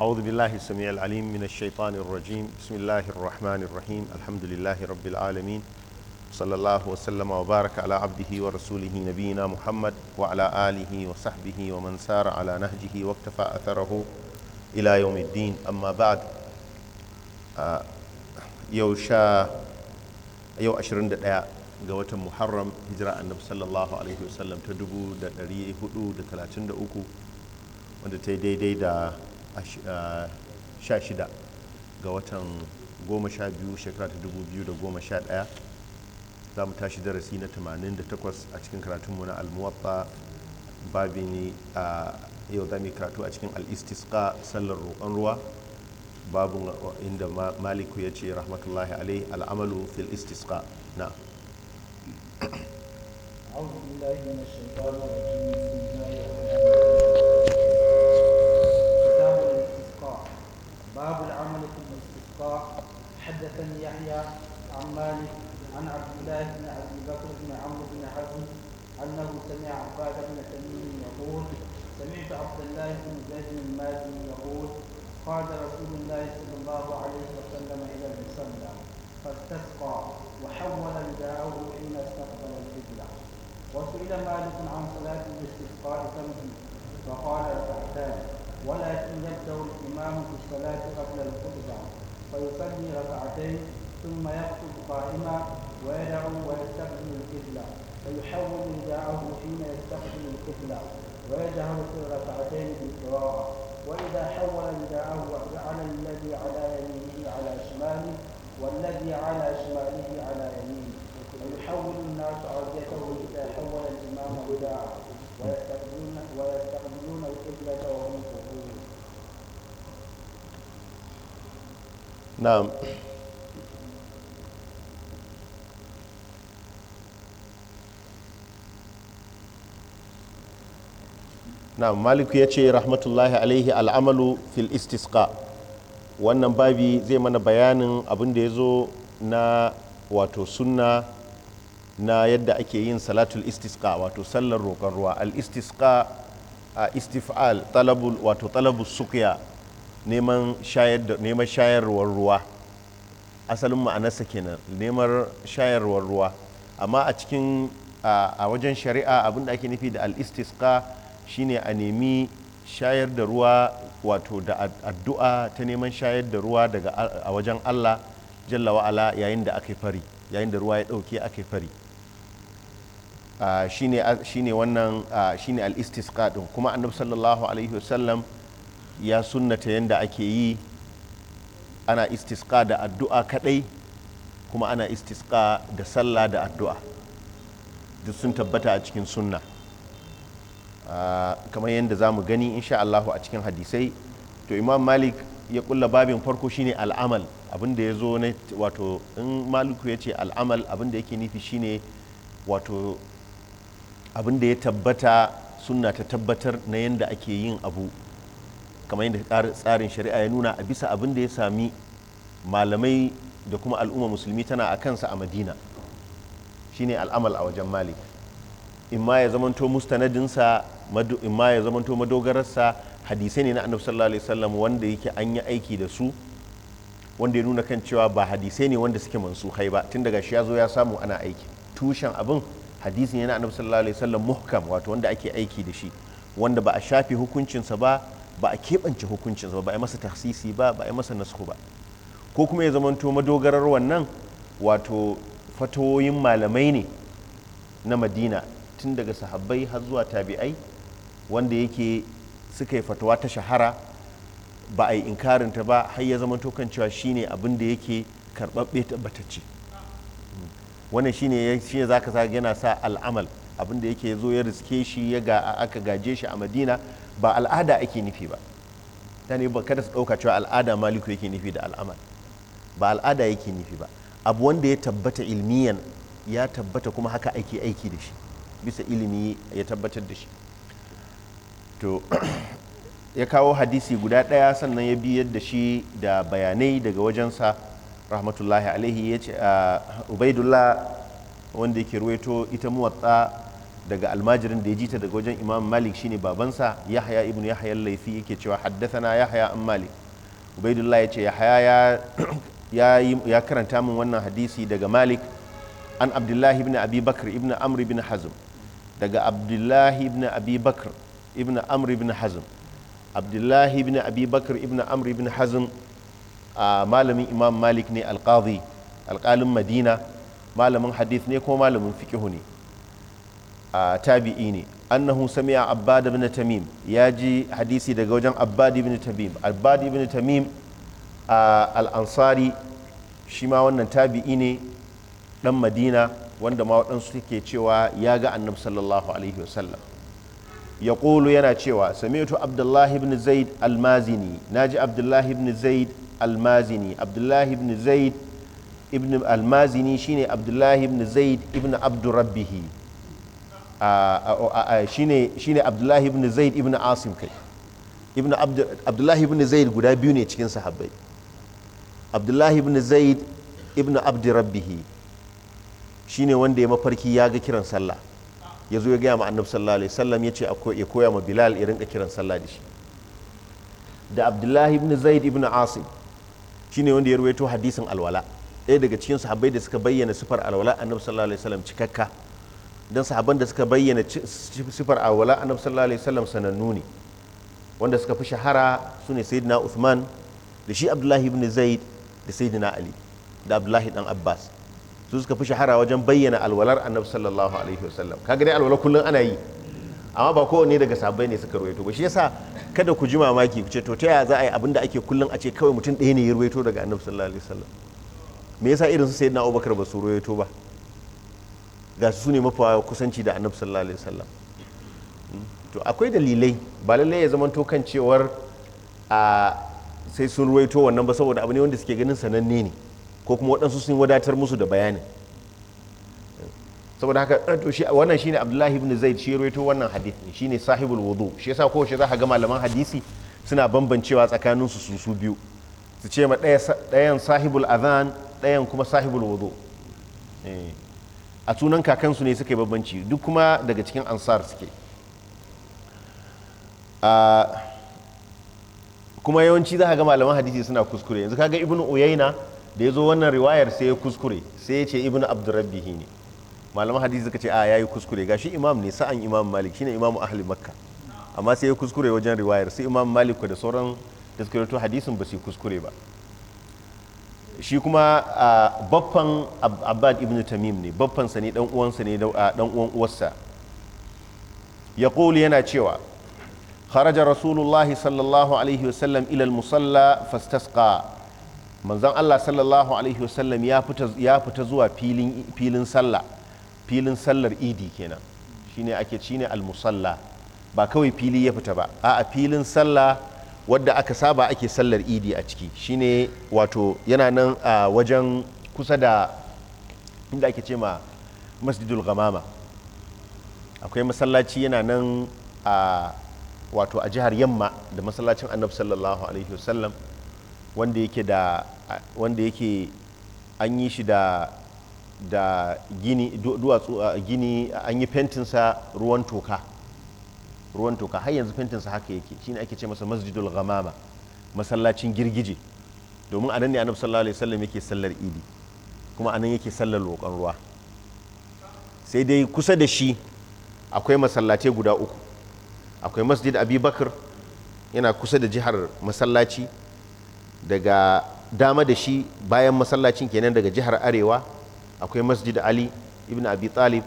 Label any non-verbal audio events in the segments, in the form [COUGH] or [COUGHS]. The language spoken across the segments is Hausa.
أعوذ بالله السميع العليم من الشيطان الرجيم بسم الله الرحمن الرحيم الحمد لله رب العالمين صلى الله وسلم وبارك على عبده ورسوله نبينا محمد وعلى آله وصحبه ومن سار على نهجه واكتفى أثره إلى يوم الدين أما بعد يوشا يو أشرين دقيقة ga watan muharram hijira annabi sallallahu alaihi wasallam ta 1433 wanda ta yi daidai da 16 ah, ga watan 12 2011 za mu tashi darasi na 88 a cikin karatunmu na almuwatta babin a ah, yau za mu karatu a cikin alistiska sallar roƙon ruwa babu ah, inda maliku ya ce rahmatullahi alai al'amalu fil istiska na أعوذ بالله من الشيطان الرجيم بسم الله الرحمن الرحيم باب العمل في الاستسقاء حدثني يحيى عن مالك عن عبد الله بن ابي بكر بن عمرو بن عبد انه سمع عباد بن تميم يقول سمعت عبد الله بن زيد بن مالك يقول قاد رسول الله صلى الله عليه وسلم الى المصلى فاستسقى وحول رداءه حين استقبل القبله وسئل مالك عن صلاه الاستسقاء فمه فقال ركعتان ولكن يبدأ الإمام في الصلاة قبل الخطبة فيصلي ركعتين ثم يخطب قائما ويدعو ويستخدم القبلة فيحول رداءه حين يستخدم القبلة ويجهر في الركعتين بالقراءة وإذا حول رداءه جعل الذي على يمينه على شماله والذي على شماله على يمينه ويحول الناس عرضته na'am na'am maliku ya ce rahmatullahi alaihi al'amalu fil istisqa wannan babi zai mana bayanin abin da ya zo na wato sunna na yadda ake yin salatul istisqa wato sallar roƙon ruwa al istisqa a istif'al talabul wato talabul suqya neman shayarwar ruwa asalin ma'anarsa kenan neman shayarwar ruwa amma a cikin a wajen shari'a abin da ake nufi da al-istisqa shine a nemi shayar da ruwa wato da addu'a ta neman shayar da ruwa daga a wajen Allah jalla wa'ala yayin da aka fari yayin da ruwa ya ɗauke aka fari shine wannan shine al-istisqa din kuma annabi sallallahu alaihi wasallam ya sunnata yadda ake yi ana istisqa da addu'a kadai kuma ana istisqa da sallah da addu'a duk sun tabbata a cikin sunna ah, kamar yadda za mu gani insha Allahu a cikin hadisai to imam malik ya kulla babin farko shine al'amal abinda ya zo na wato in maliku ya ce al'amal abinda yake nufi shine wato abinda ya tabbata sunna ta tabbatar na yadda ake yin abu kamar yadda tsarin shari'a ya nuna a bisa abin da ya sami malamai da kuma al'umma musulmi tana a kansa a madina shine al'amal a wajen malik in ma ya zamanto mustanadinsa in ma ya zamanto madogararsa hadisai ne na annabi sallallahu alaihi wasallam wanda yake an yi aiki da su wanda ya nuna kan cewa ba hadisai ne wanda suke mansu hai ba tun daga shi ya zo ya samu ana aiki tushen abin hadisi ne na annabi sallallahu alaihi wasallam muhkam wato wanda ake aiki da shi wanda ba a shafi hukuncinsa ba ba a keɓance hukuncin ba ba a masa tahsisi ba ba a masa nasu ba ko kuma ya zamanto madogarar wannan wato fatoyin malamai ne na madina tun daga sahabbai har zuwa tabi'ai wanda yake suka yi fatawa ta shahara ba a yi inkarinta ba har ya zamanto kan cewa shine abin da yake karɓaɓɓe tabbatacce wannan shine shine zaka sa yana sa al'amal abin da yake zo ya riske shi ya ga aka gaje shi a madina ba al'ada ake nufi ba ta ne kada su ɗauka cewa al'ada maliku yake nufi da al'amal ba al'ada yake nufi ba abu wanda ya tabbata ilmiyan ya tabbata kuma haka ake aiki da shi bisa ilimi ya tabbatar da shi to [CLEARS THROAT] ya kawo hadisi guda ɗaya sannan ya biyar da shi da bayanai daga wajensa rahmatullahi alaihi ya ce ah, ubaidullah wanda yake ruwaito ita muwatsa daga almajirin da ya jita daga wajen imam malik shine babansa yahya ibn yahya laifi yake cewa haddathana yahya an malik ubaidullah ya ce yahya ya [CLEARS THROAT] ya karanta min wannan hadisi daga malik an abdullahi ibn abi bakr ibn amr ibn hazm daga abdullahi ibn abi bakr ibn amr ibn hazm abdullahi ibn abi bakr ibn amr ibn hazm a malamin imam malik ne alqazi alƙalin madina malamin hadith ne ko malamin fikihu ne tabi'i ne annahu sami'a abbad ibn tamim ya ji hadisi daga wajen abbad ibn tamim abbad ibn tamim al-ansari shi ma wannan tabi'i ne dan madina wanda ma waɗansu suke cewa ya ga annabi sallallahu alaihi wasallam ya ƙulu yana cewa sami'tu abdullahi ibn zaid almazini na ji abdullahi ibn zaid almazini abdullahi ibn zaid ibn almazini shine abdullahi ibn zaid ibn abdurrabbihi shine abdullahi ibn zaid ibn asim kai ibn abdullahi ibn zaid guda biyu ne cikin sahabbai abdullahi ibn zaid ibn abdi rabbihi shine wanda ya mafarki ya ga kiran sallah ya zo ya gaya ma annabi sallallahu alaihi wasallam ya ce ya koya ma bilal ya ka kiran sallah da shi da abdullahi ibn zaid ibn asim shine wanda ya ruwaito hadisin alwala ɗaya daga cikin sahabbai da suka bayyana sifar alwala annabi sallallahu alaihi wasallam cikakka don sahabar da suka bayyana sifar awala annabi sallallahu alaihi wasallam sanannu ne wanda suka fi shahara su ne sayyidina Uthman da shi Abdullahi ibn Zaid da sayyidina Ali da Abdullahi dan Abbas su suka fi shahara wajen bayyana alwalar annabi sallallahu alaihi wasallam kaga dai alwalar kullun ana yi amma ba kowanne daga sabai ne suka ruwaito ba shi yasa kada ku ji mamaki ku ce to ta yaya za a yi abinda ake kullun a ce kawai mutum ɗaya ne ya ruwaito daga annabi sallallahu alaihi wasallam me yasa irin su sayyidina Abubakar ba su ruwaito ba ga su ne mafa kusanci da annabi sallallahu alaihi wasallam hmm? to akwai dalilai ba lallai ya zama to kan cewar a sai sun ruwaito wannan ba saboda abu ne wanda suke ganin sananne ne ko kuma waɗansu sun wadatar musu da bayanin saboda haka to shi wannan shine Abdullahi ibn Zaid shi ruwaito wannan hadith ne shine sahibul wudu shi yasa ko shi za ka ga malaman hadisi suna bambancewa tsakanin su su su biyu su ce ma ɗayan sahibul adhan ɗayan kuma sahibul wudu eh. a sunan kakansu ne suka yi babbanci duk kuma daga cikin ansar suke kuma yawanci za ka ga malaman hadisi suna kuskure yanzu kaga ibn uyaina da ya zo wannan riwayar sai ya kuskure sai ya ce ibn abdurrabbihi ne malaman hadisi suka ce a yayi kuskure gashi imam ne sa'an imam malik shine imam ahli makka amma sai ya kuskure wajen riwayar sai imam malik da sauran da suka hadisin ba su kuskure ba shi kuma baffan abbad ibn tamim ne baffansa ne dan uwansa ne dan uwan uwarsa ya yana cewa kharaja rasulullah sallallahu alaihi wasallam ila musalla fastasqa manzon Allah sallallahu alaihi wasallam ya fita ya fita zuwa filin filin sallah filin sallar idi kenan shine ake shine al musalla ba kawai fili ya fita ba a'a filin sallah wadda aka saba ake sallar idi a ciki shine wato yana nan a wajen kusa da inda ake ce ma masjidul gamama akwai masallaci yana nan a wato a jihar yamma da masallacin annabi sallallahu alaihi wasallam wanda yake da wanda yake an yi shi da da gini duwatsu gini an yi fentinsa ruwan toka ruwan toka har yanzu fentinsa haka yake shine ake ce masa masjidul ghamama masallacin girgije domin a nan ne annabi sallallahu alaihi wasallam yake sallar idi kuma anan yake sallar lokan ruwa sai dai kusa da shi akwai masallace guda uku akwai masjid abubakar yana kusa da jihar masallaci daga dama da shi bayan masallacin kenan daga jihar arewa akwai masjid ali ibn abi talib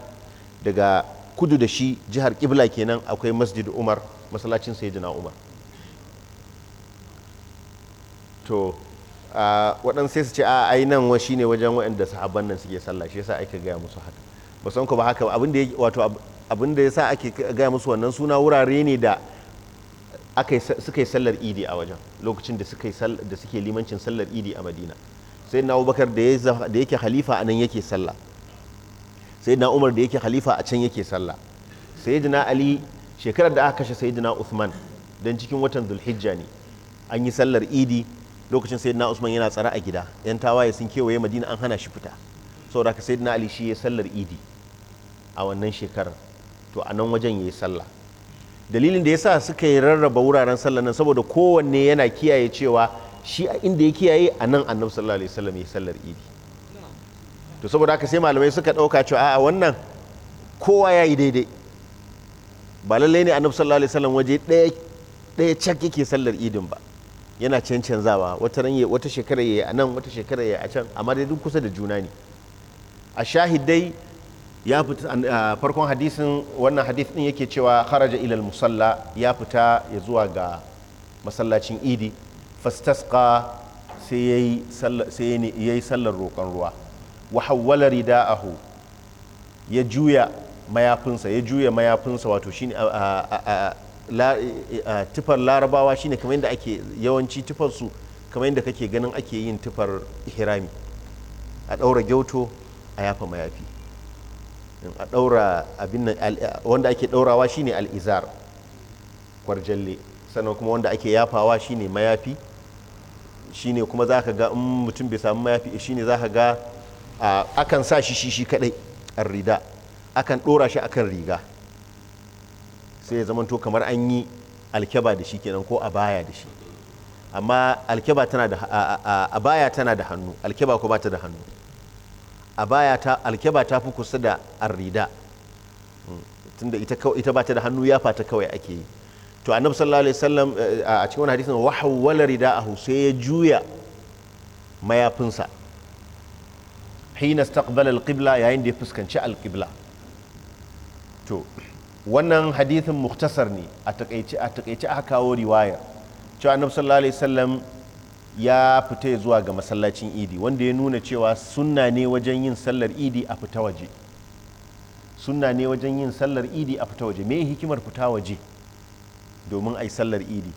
daga kudu da shi jihar kibla kenan akwai masjid umar masallacin sayyidina umar to waɗansu sai su ce a ai nan wa shine wajen waɗanda sahabban nan suke sallah shi yasa ake gaya musu haka ba san ku ba haka abin da wato abin da yasa ake gaya musu wannan suna wurare ne da aka suka yi sallar idi a wajen lokacin da suka da suke limancin sallar idi a madina sai na abubakar da yake halifa a nan yake sallah sayyidina umar da yake khalifa a can yake sallah sayyidina ali shekarar da aka kashe sayyidina usman dan cikin watan zulhijja ne an yi sallar idi lokacin sayyidina usman yana tsara a gida yan tawaye sun kewaye madina an hana shi fita saboda haka sayyidina ali shi ya sallar idi a wannan shekarar to a nan wajen yayi sallah dalilin da yasa suka yi rarraba wuraren sallar nan saboda kowanne yana kiyaye cewa shi a inda ya kiyaye a nan annabi sallallahu alaihi wasallam ya sallar idi to saboda haka sai malamai suka ɗauka cewa a wannan kowa ya yi daidai ba lallai ne annabi sallallahu alaihi wasallam waje ɗaya cak yake sallar idin ba yana cancanzawa wata ran wata shekara yayi a nan wata shekara yayi a can amma dai duk kusa da juna ne a shahidai ya fita farkon hadisin wannan hadis din yake cewa kharaja ilal musalla ya fita ya zuwa ga masallacin idi fastasqa sai yayi sallar roƙon ruwa wa hawwala rida'ahu ya juya mayafinsa ya juya mayafinsa wato shine tufar larabawa shine kamar yadda ake yawanci tufar su kamar yadda kake ganin ake yin tufar hirami a ɗaura gyauto a yafa mayafi a ɗaura abin wanda ake ɗaurawa shine al'izar kwarjalle sannan kuma wanda ake yafawa shine mayafi shine kuma za ka ga mutum bai samu mayafi shine za ka ga akan sa shi shi shi kadai rida akan dora shi akan riga sai ya zamanto kamar an yi alkeba da shi kenan ko abaya da shi amma alkeba tana da abaya tana da hannu alkeba ko bata da hannu abaya ta alkeba ta fi kusa da arrida hmm. tunda ita ita bata da hannu ya fata kawai ake yi to annabi sallallahu alaihi wasallam eh, a cikin wani hadisin wahawwala rida'ahu sai ya juya mayafinsa hina staqbala alqibla yayin da ya fuskanci alqibla to wannan hadithin muktasar ne a takaice a takaice aka kawo riwaya cewa annabi sallallahu alaihi wasallam ya fita zuwa ga masallacin idi wanda ya nuna cewa sunna ne wajen yin sallar idi a fita waje sunna ne wajen yin sallar idi a fita waje me hikimar fita waje domin a yi sallar idi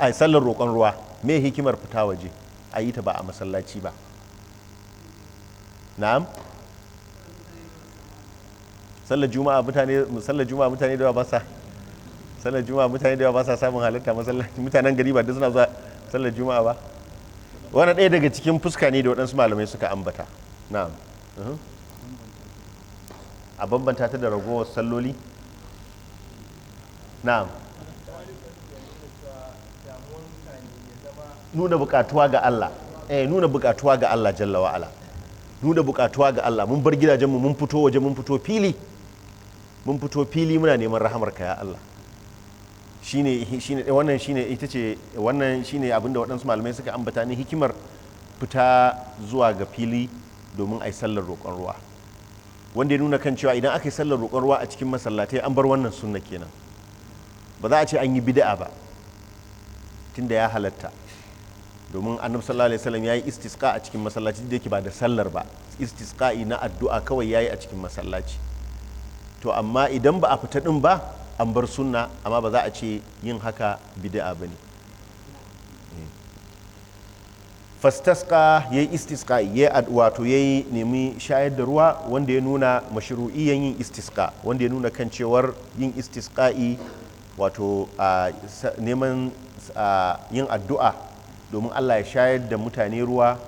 ai sallar roƙon ruwa me hikimar fita waje a yi ta ba a masallaci ba na'am sallar juma'a mutane da yawa ba sa sallar juma'a mutane da yawa ba sa samun halitta masallaci mutanen gari ba duk suna zuwa sallar juma'a ba wani ɗaya daga cikin fuska ne da waɗansu malamai suka ambata na'am a bambanta ta da ragowar salloli na'am nuna bukatuwa ga Allah eh nuna bukatuwa ga Allah jalla wa ala nuna bukatuwa ga Allah mun bar gidajen mu mun fito waje mun fito fili mun fito fili muna neman rahamar ka ya Allah shine shine wannan shine ita ce wannan shine abinda waɗansu malamai suka ambata ne hikimar fita zuwa ga fili domin ai sallar roƙon ruwa wanda ya nuna kan cewa idan aka yi sallar roƙon ruwa a cikin masallatai an bar wannan sunna kenan ba za a ce an yi bid'a ba tunda ya halatta domin annabi sallallahu alaihi wasallam yayi istisqa a cikin masallaci da yake ba da sallar ba istisqa'i na addu'a kawai yayi a cikin masallaci to amma idan ba a fita din ba an bar sunna amma ba za a ce yin haka bid'a bane eh. fastasqa yayi istisqa yayi wato yayi nemi shayar da ruwa wanda ya nuna mashru'iyyan yin istisqa wanda ya nuna kan cewar yin istisqa'i wato neman yin addu'a domin Allah ya shayar da mutane ruwa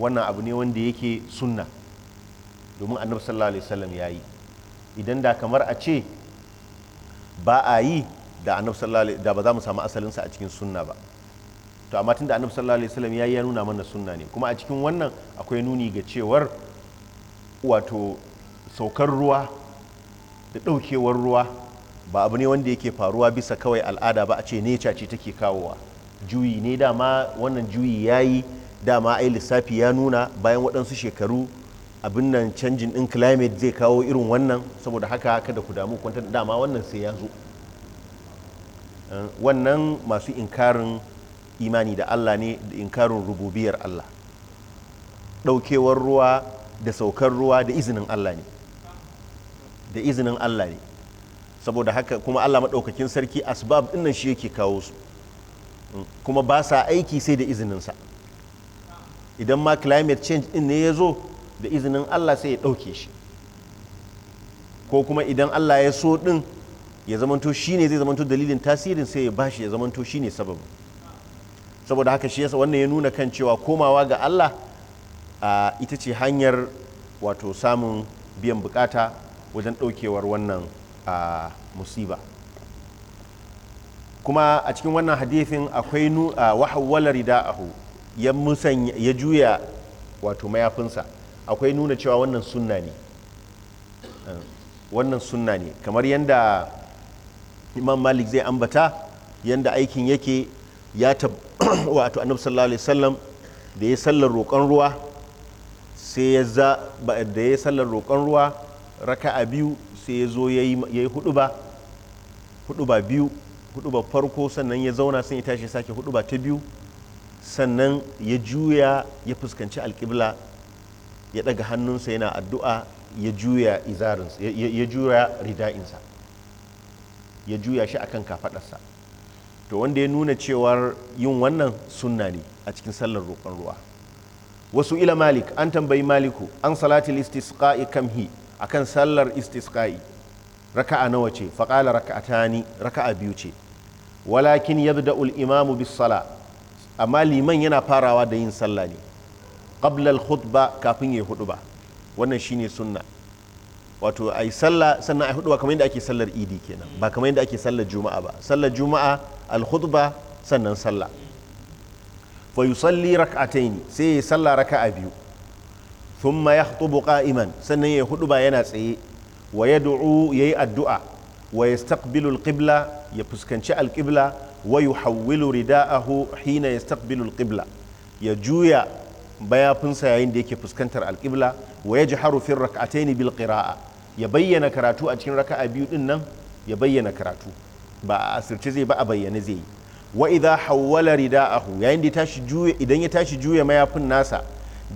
wannan abu ne wanda yake sunna domin annabi sallallahu alaihi wasallam ya yi idan da kamar a ce ba a yi da annabi sallallahu da ba za mu samu asalinsa a cikin sunna ba to amma tunda annabi sallallahu alaihi wasallam ya yi ya nuna mana sunna ne kuma a cikin wannan akwai nuni ga cewar wato saukar ruwa da ɗaukewar ruwa ba abu ne wanda yake faruwa bisa kawai al'ada ba a ce ne ce take kawowa juyi ne dama wannan juyi ya yi dama ai lissafi ya nuna bayan waɗansu shekaru abin nan canjin ɗin climate zai kawo irin wannan saboda haka kada ku damu kwanta dama wannan sai ya zo eh, wannan masu inkarin imani da Allah ne da inkarin rububiyar Allah ɗaukewar ruwa da saukar ruwa da izinin Allah ne da izinin Allah ne saboda haka kuma Allah maɗaukakin sarki asbab ɗin nan shi yake kawo su kuma ba sa aiki sai da izininsa idan ma climate change din ne ya zo da izinin Allah sai ya ɗauke shi ko kuma idan Allah ya so din ya zamanto shi ne zai zamanto dalilin tasirin sai ya bashi ya zamanto shi ne sababin saboda haka shi yasa wannan ya nuna kan cewa komawa ga Allah ita ce hanyar wato samun biyan bukata wajen ɗaukewar wannan musiba. kuma a cikin wannan hadithin akwai nu a wahawwala rida'ahu ya musan ya juya wato mayafinsa akwai nuna cewa wannan sunna ne eh, wannan sunna ne kamar yadda imam malik zai ambata yadda aikin yake ya tab [COUGHS] wato annabi sallallahu alaihi wasallam da ya sallar roƙon ruwa sai ya za da ya sallar roƙon ruwa raka'a biyu sai ya zo ya yi hudu ba hudu ba biyu hudu ba farko sannan ya zauna sun ya tashi sake hudu ba ta biyu sannan ya juya ya fuskanci alƙibla ya ɗaga hannunsa yana addu'a ya juya izarinsa ya juya rida'insa ya juya shi akan kafaɗarsa. to wanda ya nuna cewar yin wannan sunna ne a cikin sallar roƙon ruwa wasu ila malik an tambayi maliku an salatil istisqa'i kamhi akan sallar istisqa'i raka'a nawa ce faƙala raka'atani raka'a biyu ce walakin yabda'ul imamu bis sala amma liman yana farawa da yin sallah ne qabla al khutba kafin ya hudu ba wannan shine sunna wato ai sallah sannan ai hudu ba kamar yadda ake sallar idi kenan ba kamar yadda ake sallar juma'a ba sallar juma'a al khutba sannan sallah fa yusalli rak'ataini sai ya sallah raka'a biyu thumma yakhtubu qa'iman sannan ya hudu ba yana tsaye wa ya yayi addu'a wa yastaqbilu alqibla ya fuskanci alƙibla wa yuhawwilu rida'ahu hina yastaqbilu alqibla ya juya bayafinsa yayin da yake fuskantar alqibla wa yajharu fi rak'atayn bil qira'a ya bayyana karatu a cikin raka'a biyu din nan ya bayyana karatu ba a asirce zai ba a bayyane zai yi wa idha idan ya tashi juya mayafin nasa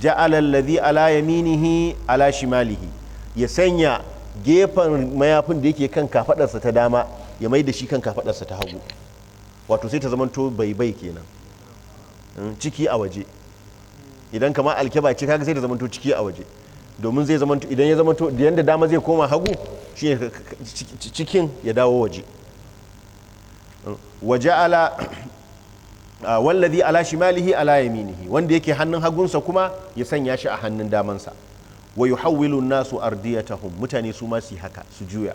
ja'ala alladhi ala yaminihi ala shimalihi ya sanya gefen mayafin da yake kan kafadarsa ta dama ya mai da shi kan kafadarsa ta hagu wato sai ta zamanto bai bai kenan hmm, ciki a waje idan kama alkyaba ce kaga sai ta zamanto ciki a waje domin zai zamanto idan ya to da dama zai koma hagu shi cikin ya dawo waje hmm, waje ala [CLEARS THROAT] wallazi ala shimalihi ala yaminihi wanda yake hannun hagunsa kuma ya sanya shi a hannun damansa wa yuhawwilu nasu ardiyatahum mutane su ma su haka su juya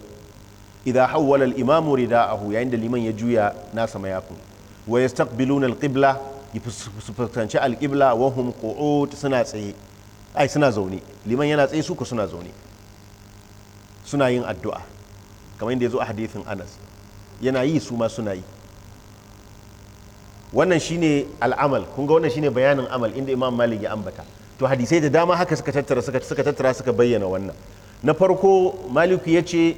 idan hawwala al-imamu rida'ahu yayin da liman ya juya nasa mayafin wa yastaqbiluna al-qibla su fuskanci al-qibla wa hum qu'ud suna tsaye ai suna zaune liman yana tsaye su ku suna zaune suna yin addu'a kamar yadda ya zo a hadithin Anas yana yi su ma suna yi wannan shi ne al'amal kun ga shi ne bayanin amal inda Imam Malik ya ambata to hadisai da dama haka suka tattara suka suka tattara suka bayyana wannan na farko maliku ya ce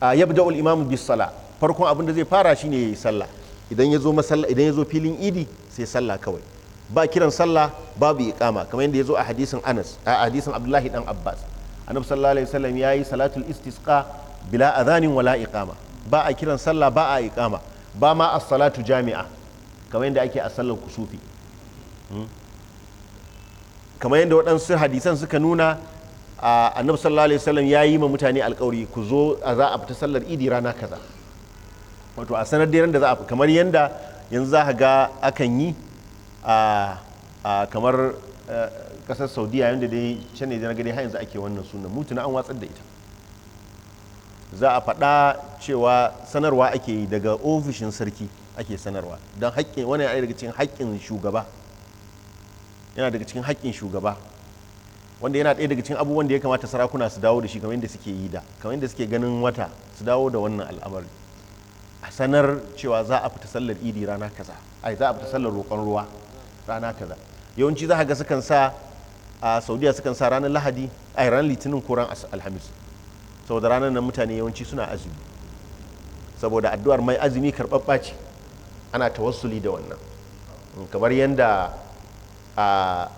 yabda ul imamu bis sala farkon abin da zai fara shine yayi sallah idan ya zo idan ya zo filin idi sai sallah kawai ba kiran sallah babu iqama kamar yadda ya zo a hadisin Anas a hadisin Abdullahi dan Abbas annabi sallallahu alaihi wasallam yayi salatul istisqa bila adhanin wala iqama ba a kiran sallah ba a iqama ba ma as-salatu jami'a kamar yadda ake a sallar kusufi hmm? kamar yadda waɗansu hadisan suka nuna annabi sallallahu alaihi wasallam ya yi ma mutane alkawari ku zo a za a fita sallar idi rana kaza wato a sanar da za a kamar yadda yanzu za ka ga akan yi a kamar kasar e, saudiya yadda dai can ne na gani har yanzu ake wannan sunan mutu na an watsar da ita za a faɗa cewa sanarwa ake yi daga ofishin sarki ake sanarwa don haƙƙin wani daga cikin haƙƙin shugaba yana daga cikin haƙƙin shugaba wanda yana ɗaya daga cikin abubuwan da ya kamata sarakuna su dawo da shi kamar yadda suke yi da kamar yadda suke ganin wata su dawo da wannan al'amari a sanar cewa za a fita sallar idi rana kaza ai za a fita sallar roƙon ruwa rana kaza yawanci za a ga sukan sa a saudiya sukan sa ranar lahadi ai ranar litinin ko ran alhamis saboda ranar nan mutane yawanci suna azumi saboda addu'ar mai azumi karɓaɓɓa ce ana tawassuli da wannan kamar yadda a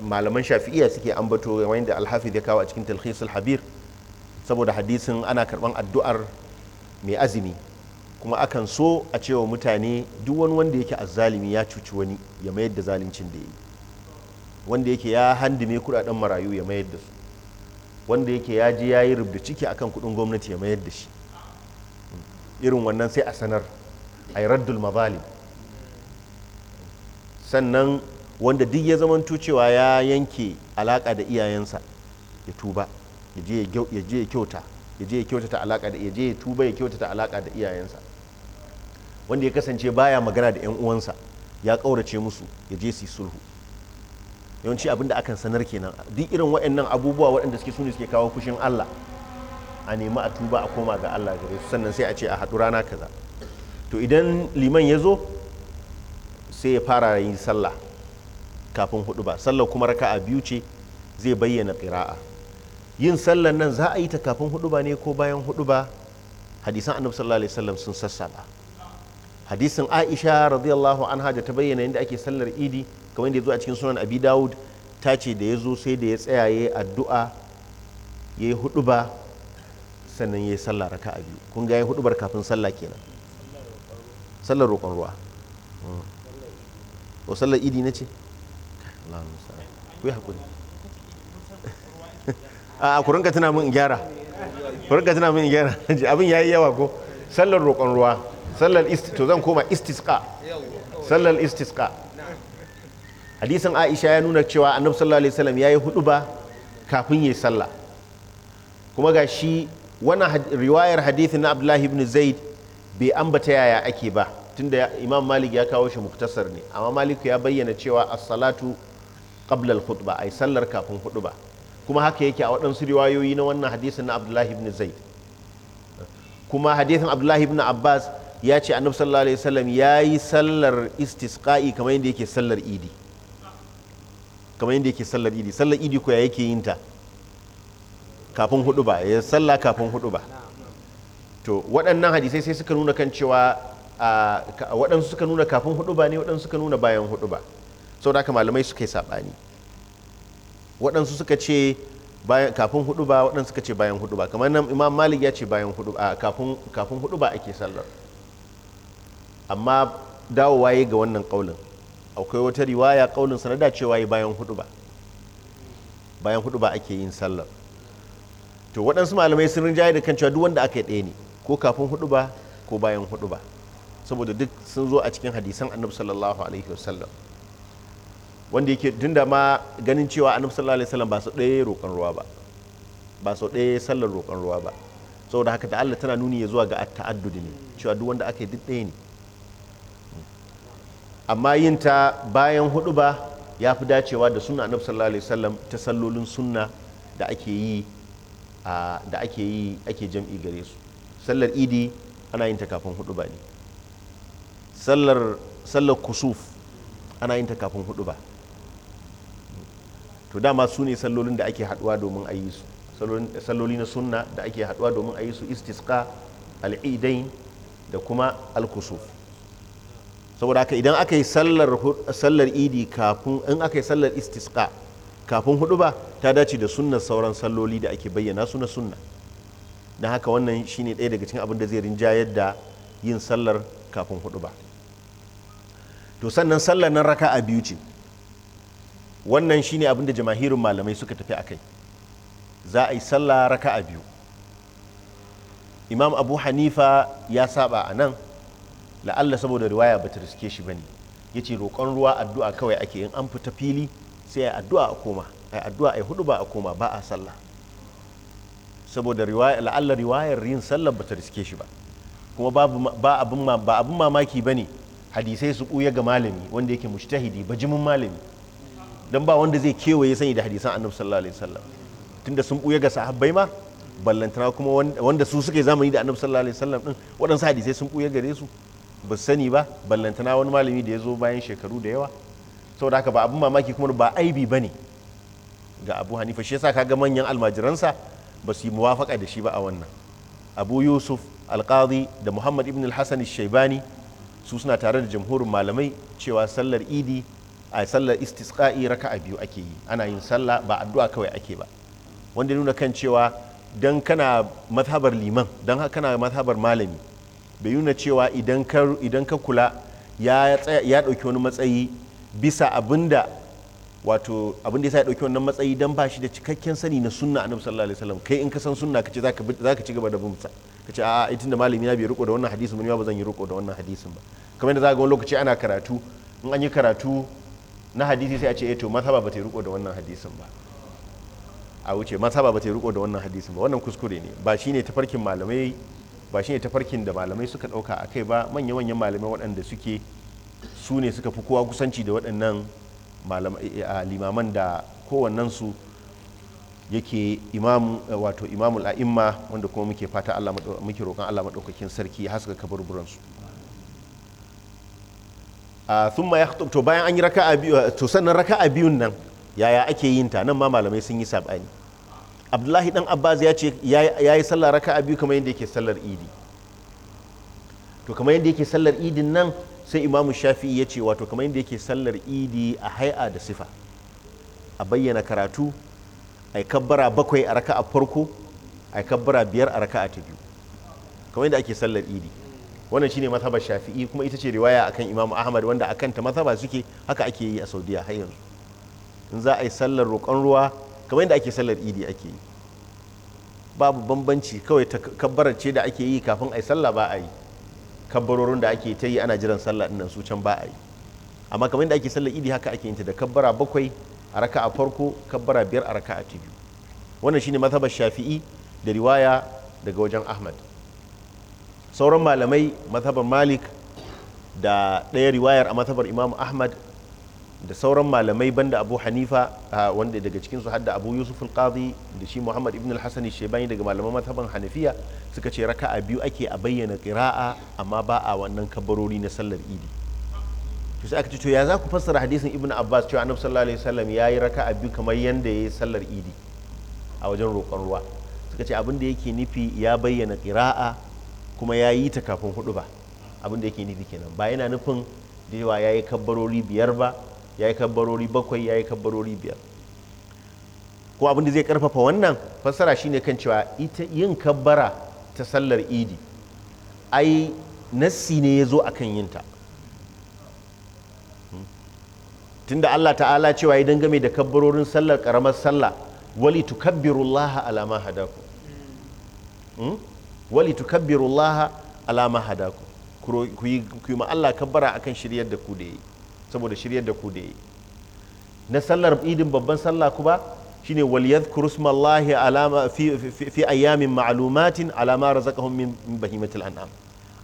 malaman shafi'iyya suke ambato wani da alhafiz ya kawo a cikin talhisul habir saboda hadisin ana karban addu'ar mai azumi kuma akan so a cewa mutane duk wani wanda yake azzalimi ya cuci wani ya mayar da zaluncin da yi wanda yake ya handime kudaden marayu ya mayar da su wanda yake ya je ya rubda ciki akan kudin gwamnati ya mayar da shi irin wannan sai a sanar a yi raddul mazalim sannan wanda duk ya zaman cewa ya yanke alaka da iyayensa ya tuba ya je ya kyauta ya je ya kyautata alaka da ya je ya tuba ya kyautata alaka da iyayensa wanda ya kasance baya magana da yan uwansa ya kaurace musu ya je su sulhu yawanci abin da akan sanar kenan duk irin waɗannan abubuwa waɗanda suke sune suke kawo fushin Allah a nemi a tuba a koma ga Allah gare su sannan sai a ce a haɗu rana kaza to idan liman ya zo sai ya fara yin sallah kafin hudu ba sallar kuma raka'a biyu ce zai bayyana qira'a yin sallar nan za a yi ta kafin hudu ba ne ko bayan hudu ba hadisan annabi sallallahu alaihi wasallam sun sassaba hadisin aisha radiyallahu anha da ta bayyana yadda ake sallar idi kamar yadda ya zo a cikin sunan abi daud ta ce da ya zo sai da ya tsaya ya addu'a ya yi hudu ba sannan ya yi sallah raka a biyu kun ga ya yi hudu bar kafin sallah kenan sallar roƙon ruwa hmm. o sallar idi na ce Allahumma sa'a ku yi hakuri [LAUGHS] a ku rinka tuna min gyara ku rinka tuna min gyara [LAUGHS] abin ya yi yawa ko sallar roƙon ruwa sallar to zan koma istisqa sallar istisqa hadisin Aisha ya nuna cewa Annabi sallallahu alaihi wasallam yayi ba kafin yayi sallah kuma ga shi wannan riwayar hadithin na Abdullahi ibn Zaid bai ambata yaya ake ba tunda Imam Malik ya kawo shi muktasar ne amma Malik ya bayyana cewa as-salatu qablal al-khutba ai sallar kafin khutba kuma haka yake a waɗansu riwayoyi na wannan hadisin na Abdullahi ibn Zaid kuma hadisin Abdullahi ibn Abbas ya ce annabi sallallahu alaihi wasallam yi sallar istisqa'i kamar yadda yake sallar idi kamar yadda yake sallar idi sallar idi ko ya yake yin ta kafin hudu ba ya salla kafin hudu ba to waɗannan hadisai sai suka nuna kan cewa waɗansu suka nuna kafin hudu ba ne waɗansu suka nuna bayan hudu ba sau da malamai suka yi saɓani waɗansu suka ce kafin hudu ba waɗansu suka ce bayan hudu ba kamar nan imam malik ya ce bayan hudu ba kafin hudu ba ake sallar amma dawo waye ga wannan kaulin akwai wata riwaya kaulin sanada cewa yi bayan hudu ba bayan hudu ba ake yin sallar to waɗansu malamai sun rinjaye da kan cewa duk wanda aka yi ɗaya ne ko kafin hudu ba ko bayan hudu ba saboda duk sun zo a cikin hadisan annabi sallallahu alaihi wasallam wanda yake tunda ma ganin cewa annabi sallallahu alaihi wasallam ba su ɗaya roƙon ruwa ba ba su ɗaya sallar roƙon ruwa ba saboda haka da Allah tana nuni ya zuwa ga ta'addud ne cewa duk wanda aka yi duk ɗaya ne amma yin ta bayan hudu ba ya fi dacewa da sunna annabi sallallahu alaihi wasallam ta sallolin sunna da ake yi da ake yi ake jam'i gare su sallar idi ana yin ta kafin hudu ba ne sallar sallar kusuf ana yin ta kafin hudu ba to dama su ne sallolin da ake haduwa domin a yi su salloli na sunna da ake haduwa domin a yi su istisqa al'idain da kuma alkusuf saboda haka idan aka yi sallar idi kafin in aka yi sallar istisqa kafin hudu ba ta dace da sunnar sauran salloli da ake bayyana su na sunna don haka wannan shine ɗaya daga cikin abin da zai rinjayar da yin sallar kafin hudu ba to sannan sallar nan raka'a biyu ce wannan shine abin da jamahirin malamai suka tafi a kai za a yi sallah a biyu imam abu hanifa ya saba a nan la'alla saboda riwaya ba ta riske shi ba ne ya ce roƙon ruwa addu'a kawai ake in an fita fili sai a addu'a a koma a addu'a a hudu ba a koma ba a sallah saboda la'alla riwayar yin sallah ba ta riske shi ba kuma ba abin mamaki ba ne hadisai su ɓuya ga malami wanda yake mujtahidi bajimin malami don ba wanda zai kewaye sani da hadisan annabi sallallahu alaihi wasallam tunda sun buya ga sahabbai ma ballantana kuma wanda su suka yi zamani da annabi sallallahu alaihi wasallam din waɗansu hadisai sun buya gare su ba sani ba ballantana wani malami da ya zo bayan shekaru da yawa saboda haka ba abin mamaki kuma ba aibi ba ne ga abu hanifa shi yasa kaga manyan almajiransa ba su yi muwafaka da shi ba a wannan abu yusuf alkazi da muhammad ibn al-hassan shaibani su suna tare da jamhurin malamai cewa sallar idi a sallar istisqa'i raka a biyu ake yi ana yin sallah ba addu'a kawai ake ba wanda nuna kan cewa dan kana mazhabar liman dan kana mazhabar malami bai nuna cewa idan ka idan ka kula ya ya dauki wani matsayi bisa abinda wato abinda yasa ya dauki wannan matsayi dan ba shi da cikakken sani na sunna annabi sallallahu alaihi wasallam kai in ka san sunna kace zaka zaka ci gaba da bin sa kace a'a itin da malami na bai riko da wannan hadisin ba ni ba zan yi riko da wannan hadisin ba kamar da zaka ga wani lokaci ana karatu in an yi karatu na hadisi sai a ce eh, to mazhaba ba ta riko da wannan hadisin ba a wuce mazhaba ba ta riko da wannan hadisin ba wannan kuskure ne ba shine tafarkin malamai ba shine tafarkin da malamai suka dauka akai ba manya manyan malamai waɗanda suke su ne suka fi kowa kusanci da waɗannan eh, eh, limaman da kowannen su yake imam wato imamul a'imma wanda kuma muke fata Allah muke roƙon Allah madaukakin sarki haska kaburburan su Ah, ma ya to bayan an yi raka'a biyu ah, to sannan raka'a biyun nan yaya ake yin ta nan ma malamai sun yi sabani Abdullahi dan Abbas ya ce yayi sallar raka'a biyu kamar yadda yake sallar Idi to kamar yadda yake sallar Idin nan sai imamu Shafi'i ya ce wato kamar yadda yake sallar Idi a hai'a da sifa a bayyana karatu a yi kabbara bakwai a raka'a farko a yi kabbara biyar a raka'a ta biyu kamar yadda ake sallar Idi wannan shine mazhabar shafi'i kuma ita ce riwaya akan imamu ahmad wanda akan ta mazhaba suke haka ake yi a saudiya har yanzu in za a yi sallar roƙon ruwa kamar yadda ake sallar idi ake yi babu bambanci kawai kabbarar ce da ake yi kafin a yi sallah ba a yi kabbarorin da ake ta yi ana jiran sallah ɗin su can ba a yi amma kamar yadda ake sallar idi haka ake ta da kabbara bakwai a raka a farko kabbara biyar a raka a ta biyu wannan shine mazhabar shafi'i da riwaya daga wajen ahmad sauran malamai mazhabar malik da ɗaya riwayar a mazhabar imam ahmad da sauran malamai banda abu hanifa wanda daga cikinsu hadda abu yusuf alqazi da shi muhammad ibn al-hasan shebani daga malaman mazhaban hanafiya suka ce raka'a biyu ake a bayyana qira'a amma ba a wannan kabarori na sallar idi to aka ce ya za ku fassara hadisin ibn abbas cewa annabi sallallahu alaihi wasallam yayi raka'a biyu kamar yanda yayi sallar idi a wajen roƙon ruwa suka ce abin da yake nufi ya bayyana qira'a kuma ya yi ta kafin hudu ba abin da yake nufi kenan ba yana nufin da yawa ya yi kabbarori biyar ba ya yi kabbarori bakwai ya yi kabbarori biyar ko abin da zai karfafa wannan fassara shine kan cewa ita yin kabbara ta sallar idi ai nassi ne ya zo a kan yinta hmm? tunda Allah ta'ala cewa idan game da kabbarorin sallar karamar sallah wali tukabbirullaha alama hadaku hmm? wali tukabbirullaha ala ma hadakum ku yi ma Allah kabbara akan shiryar da ku da yi saboda shiryar da ku da yi na sallar idin babban sallah kuma shine wal yadhkuru smallahi fi fi ayyamin ma'lumatin alama razaqahum min bahimatil an'am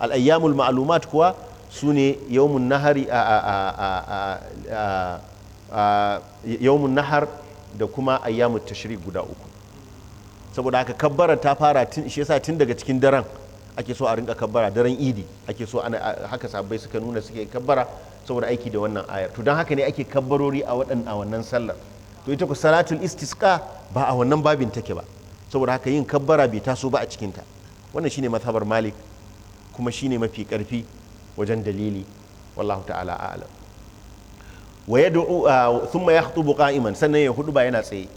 al ayyamul ma'lumat kuwa sune yawmun nahari a yawmun nahar da kuma ayyamut tashrik guda uku saboda haka kabbara ta fara shi yasa tun daga cikin daren ake so a rinka kabbara daren idi ake so ana haka sabbai suka nuna suke kabbara saboda aiki da wannan ayar to don haka ne ake kabbarori a wannan sallar to ita ku salatul istisqa ba a wannan babin take ba saboda haka yin kabbara bai taso ba a cikin ta wannan shine mazhabar malik kuma shine mafi karfi wajen dalili wallahu ta'ala a'lam wa yad'u thumma yakhutubu qa'iman sannan ya huduba yana tsaye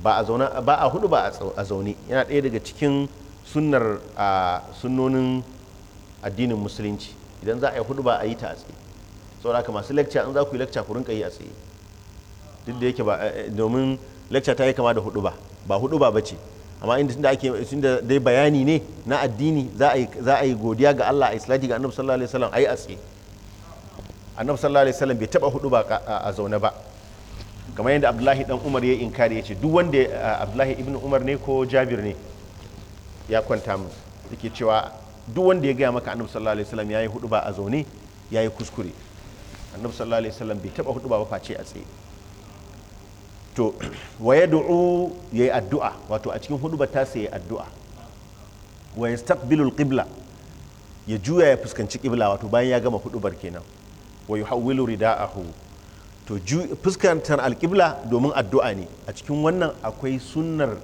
ba a zauna ba a hudu ba a zaune yana ɗaya daga cikin sunnar a sunnonin addinin musulunci idan za a yi hudu ba a yi ta a tsaye saboda haka masu lecture in za ku yi lecture ku rinka yi a tsaye duk da yake ba eh, eh, domin lecture ta yi kama da hudu ba ba hudu ba bace amma inda tunda ake tunda dai bayani ne na addini za a yi za a yi godiya ga Allah a islati ga Annabi sallallahu alaihi wasallam yi a tsaye Annabi sallallahu alaihi wasallam bai taba hudu ba a zaune ba kamar yadda abdullahi dan umar ya inkari ya ce duk wanda ah, abdullahi ibn umar ne ko jabir ne ya kwanta da yake cewa duk wanda ya gaya maka annabi sallallahu alaihi wasallam yayi hudu ba a zaune yayi kuskure annabi sallallahu alaihi wasallam bai taba hudu ba face a tsaye to [CLEARS THROAT] wa yad'u yayi addu'a wato a cikin hudu ba ta sai addu'a wa yastaqbilu al-qibla ya juya ya fuskanci qibla wato bayan ya gama hudubar kenan wa yuhawwilu rida'ahu to fuskantar alƙibla domin addu'a ne a cikin wannan akwai sunnar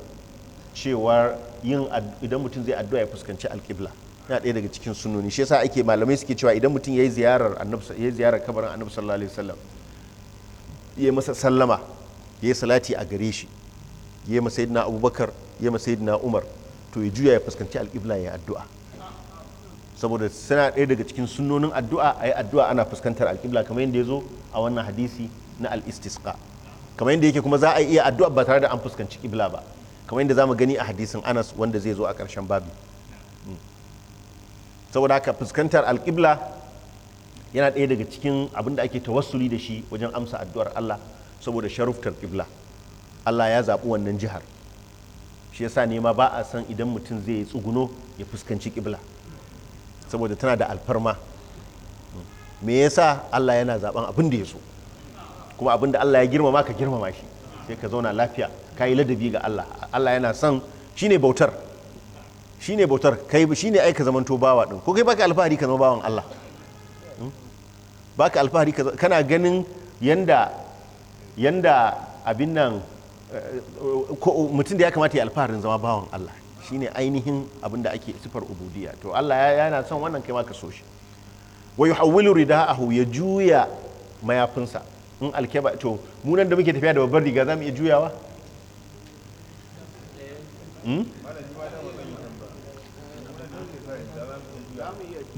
cewar yin idan mutum zai addu'a ya fuskanci alƙibla yana ɗaya daga cikin sunoni shi yasa ake malamai suke cewa idan mutum yayi ziyarar annabi ziyarar kabarin annabi sallallahu alaihi wasallam yayi masa sallama yayi salati a gare shi yayi masa sayyidina abubakar yayi masa sayyidina umar to ya juya ya fuskanci alƙibla ya addu'a saboda suna ɗaya daga cikin sunnonin addu'a a yi addu'a ana fuskantar alƙibla kamar yadda ya zo a wannan hadisi na alistiska kamar yadda yake kuma za a iya addu'a ba tare da an fuskanci ƙibla ba kamar yadda za mu gani a hadisin anas wanda zai zo a ƙarshen babu hmm. saboda haka fuskantar alƙibla yana ɗaya daga cikin abin da ake tawassuli da shi wajen amsa addu'ar allah saboda sharuftar ƙibla allah ya zaɓi wannan jihar shi yasa sa nema ba a san idan mutum zai tsuguno ya fuskanci ƙibla saboda tana da alfarma me yasa Allah yana zaben abin da ya so kuma abin da Allah ya girmama ka girmama shi sai ka zauna lafiya ka yi ladabi ga Allah Allah yana son shine bautar shine bautar kai shine aika ka zamanto bawa din ko kai baka alfahari ka zama bawan Allah hmm? baka alfahari kana ganin yanda yanda abin nan eh, eh, mutum da ya kamata ya alfaharin zama bawan Allah shine ainihin abin da ake sifar ubudiya. to Allah ya yana son wannan kai ma ka so shi wa yuhawwilu ridaahu ya juya mayafinsa in alkeba to mu nan da muke tafiya da babbar riga zamu iya juyawa hmm?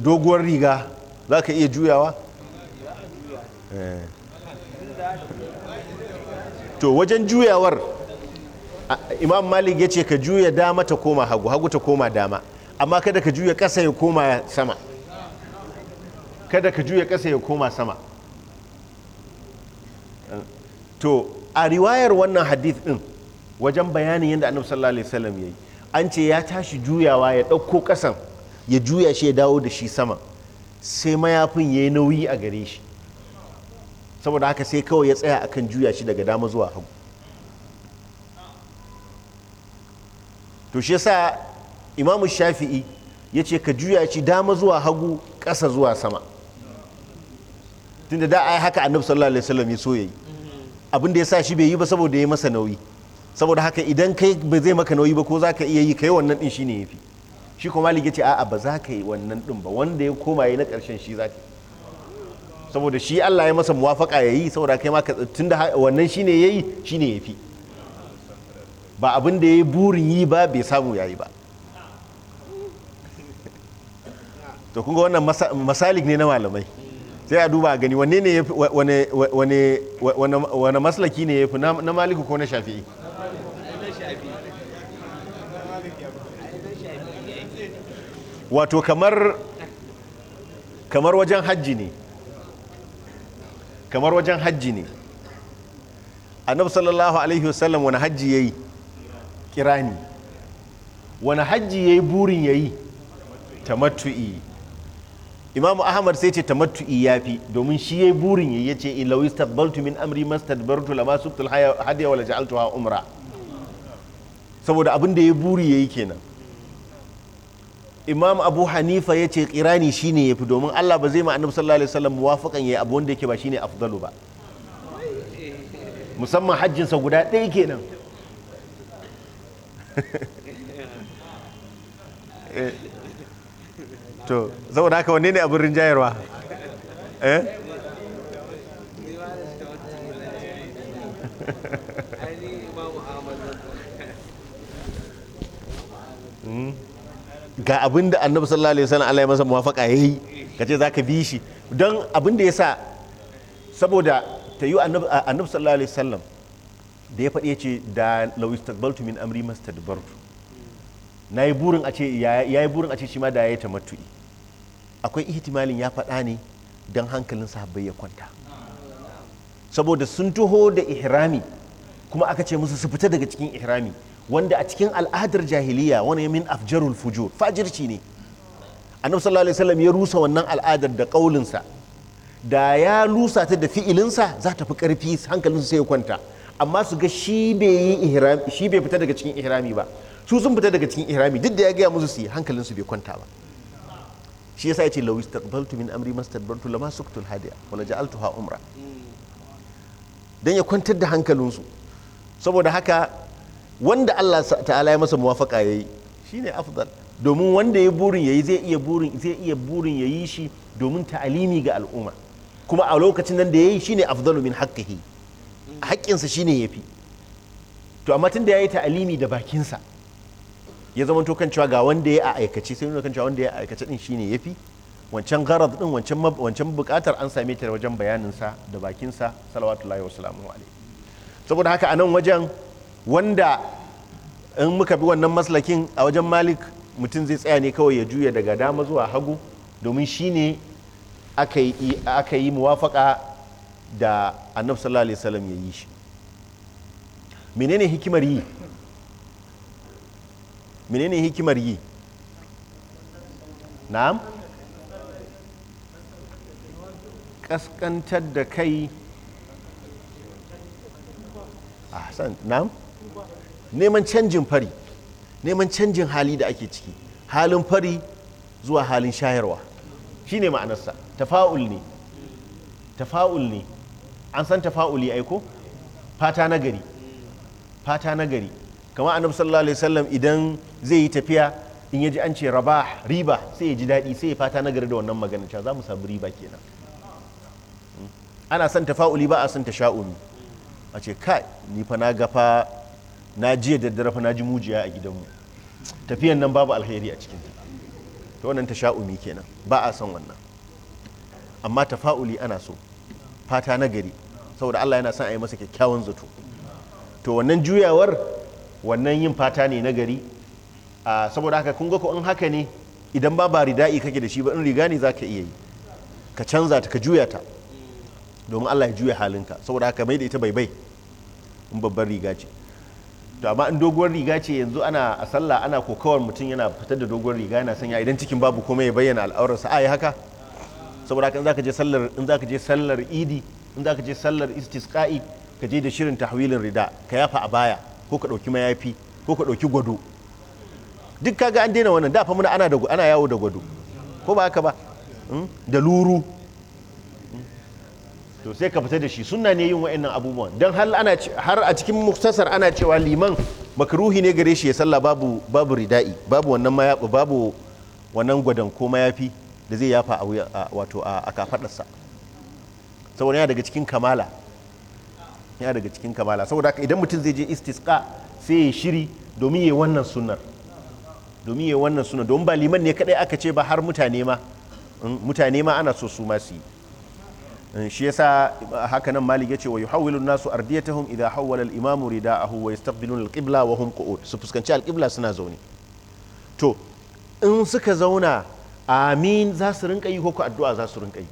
doguwar riga za ka iya juyawa eh. to wajen juyawar imam malik ya ce ka juya dama ta koma hagu hagu ta koma dama amma kada ka juya ƙasa ya koma sama kada ka juya ƙasa ya koma sama to a riwayar wannan hadith din wajen bayanin yadda annabi sallallahu alaihi wasallam yayi an ce ya tashi juyawa ya ɗauko ƙasan ya juya shi ya dawo da shi sama sai mayafin ya yi nauyi a gare shi saboda haka sai kawai ya tsaya akan juya shi daga dama zuwa hagu to shi yasa imamu shafi'i ya ce ka juya ci dama zuwa hagu ƙasa zuwa sama tunda da yi haka annabi sallallahu alaihi wasallam ya so yayi abin da ya sa shi bai yi ba saboda ya masa nauyi saboda haka idan kai ba zai maka nauyi ba ko za ka iya yi kai wannan din shine yafi shi kuma malik ce a'a ba za ka yi wannan din ba wanda ya koma yi na karshen shi za ka saboda shi Allah ya masa muwafaka yayi saboda kai ma ka tunda wannan shine yayi shine yafi ba abin da ya yi burin yi ba bai samu yayi ba to kun ga wannan masalik ne na malamai sai a duba gani wanne ne wane maslaki ne ya fi na maliku ko na shafi'i wato kamar kamar wajen hajji ne kamar wajen hajji ne annabi sallallahu alaihi wasallam wani hajji ya yi kirani wani hajji ya yi burin ya yi tamattu'i imamu ahmad sai ce tamattu'i ya fi domin shi ya yi burin ya ce ilau istadbaltu min amri mastadbartu lama subtul hadiya wala ja'altuha umra saboda abin da ya buri ya yi kenan imam abu hanifa ya ce kirani shi ne ya fi domin allah ba zai ma annabi sallallahu alaihi wasallam muwafaƙan ya yi abu wanda yake ba shine afdalu ba musamman hajjinsa guda ɗaya kenan Eh, to saboda haka wanne ne abin rinjayarwa eh hmm? ga abin da annabi sallallahu alaihi wasallam Allah ya masa muwafaka yayi kace zaka bi shi don abin da yasa saboda ta yi annabi sallallahu alaihi wasallam da ya faɗe ce da lawistakbaltu min amri mastadbartu na yi burin a ce ya yi burin a ce shi ma da ya yi ta matui akwai ihtimalin ya faɗa ne don hankalin sahabbai ya kwanta saboda sun taho da ihrami kuma aka ce musu su fita daga cikin ihrami wanda a cikin al'adar jahiliya wani min afjarul fujur fajirci ne annabi sallallahu alaihi wasallam ya rusa wannan al'adar da kaulinsa da ya lusa ta da fi'ilinsa za ta fi karfi hankalinsa sai ya kwanta amma su ga shi bai yi fita daga cikin ihrami ba su sun fita daga cikin ihrami duk da ya gaya musu su yi hankalin su bai kwanta ba shi yasa ya ce law istaqbaltu min amri mastadbartu lama suktul hadiya wala ja'altuha umra dan ya kwantar da hankalinsu saboda haka wanda Allah ta'ala ya masa muwafaqa yayi shine afdal domin wanda ya burin yayi zai iya burin zai iya burin yayi shi domin ta'alimi ga al'umma kuma a lokacin nan da ya yayi shine afdalu min haqqihi haƙƙinsa shine ya fi to amma tun da ya yi ta'alimi da bakinsa ya zama to kan cewa ga wanda ya aikace sai nuna kan cewa wanda ya a aikace din shine ya fi wancan din wancan bukatar an same ta wajen bayaninsa da bakinsa salawatullahi wa salamu alaihi saboda haka a nan wajen wanda in muka bi wannan maslakin a wajen malik mutum zai tsaya ne kawai ya juya daga dama zuwa hagu domin shine aka yi muwafaka da annabi sallallahu alaihi wasallam ya yi shi menene hikimar yi menene hikimar yi na'am kaskantar da kai a ahsan na'am neman canjin fari neman canjin hali da ake ciki halin fari zuwa halin shayarwa shine ma'anarsa tafa'ul ne tafa'ul ne an san tafa'uli aiko fata na gari fata na gari kamar annabi sallallahu alaihi wasallam idan zai yi tafiya in yaji an ce raba riba sai ya ji daɗi sai ya fata na gari da wannan magana cewa za mu samu riba kenan hmm? ana son tafa'uli ba a son tasha'umi a ce kai ni fa na gafa na jiya daddare fa na ji mujiya a gidanmu tafiyan nan babu alheri a cikin ta to wannan ta sha'umi kenan ba a son wannan amma tafa'uli ana so fata na gari saboda Allah yana son a yi masa kyakkyawan zato to wannan juyawar wannan yin fata ne na gari saboda haka kun ga ko in haka ne idan ba ba rida'i kake da shi ba in riga ne za ka iya yi ka canza ta ka juya ta domin Allah ya juya halinka saboda haka mai da ita bai bai in babban riga ce to amma in doguwar riga ce yanzu ana a sallah ana kokawar mutum yana fitar da doguwar riga yana sanya idan cikin babu komai ya bayyana al'aurarsa a yi haka saboda haka in zaka je sallar in zaka je sallar idi in zaka je sallar istisqa'i ka je da shirin tahwilin rida ka yafa a baya ko ka dauki mayafi ko ka dauki gwado duk kaga an daina wannan da fa muna ana da ana yawo da gwado ko ba haka ba hmm? da luru hmm? to sai ka fita da shi sunna ne yin wa'annan abubuwan don har a cikin muktasar ana cewa liman makruhi ne gare shi ya salla babu babu rida'i babu wannan babu wannan gwadon ko mayafi da zai yafa a wato a kafadarsa saboda yana daga cikin kamala yana daga cikin kamala saboda haka idan mutum zai je istisqa sai ya shiri domin ya wannan sunnar domin ya wannan sunnar domin ba liman ne kadai aka ce ba har mutane ma mm, mutane ma ana so su ma su yi mm, shi yasa haka nan malik yace wa yuhawwilu nasu ardiyatahum idha hawwala al-imamu rida'ahu wa yastaqbilun al-qibla wa hum qu'ud su fuskanci al-qibla suna zaune to in suka zauna amin za su rinka yi ko addu'a za su rinka yi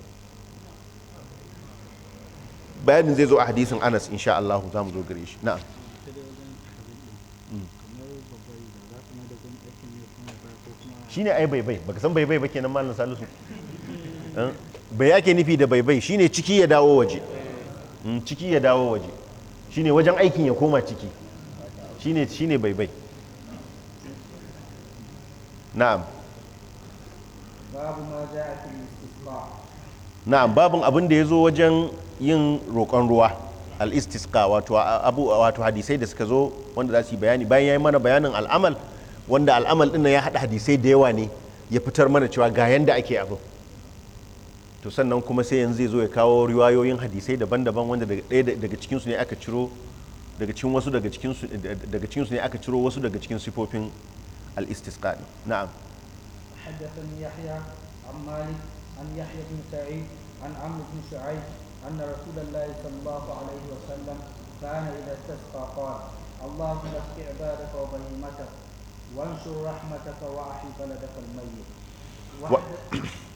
bayanin zai zo a hadisin anas insha Allah za mu zo gare shi na'am shine ai baibai baka san baibai ba kenan malam salisu eh? bai yake nufi da baibai shine ciki ya dawo waje hmm, ciki ya dawo waje shine wajen aikin ya koma ciki shine shine baibai na'am na'am babin abin da ya zo wajen yin roƙon ruwa al-istisqa wato hadisai da suka zo wanda za su yi bayani bayan ya yi mana bayanin al'amal wanda al'amal din ya haɗa hadisai da yawa ne ya fitar mana cewa ga yanda ake abin to sannan kuma sai yanzu zai zo ya kawo riwayoyin hadisai daban-daban wanda daga cikinsu ne aka ciro daga cikin wasu daga cikin ne aka ciro wasu daga cikin sifofin al-istisqa na'am حدثني يحيى عن مالك عن يحيى بن سعيد عن عمرو بن شعيب أن رسول الله صلى الله عليه وسلم كان إذا استسقى قال اللهم اسق عبادك وبهيمتك وانشر رحمتك وأحي بلدك الميت و...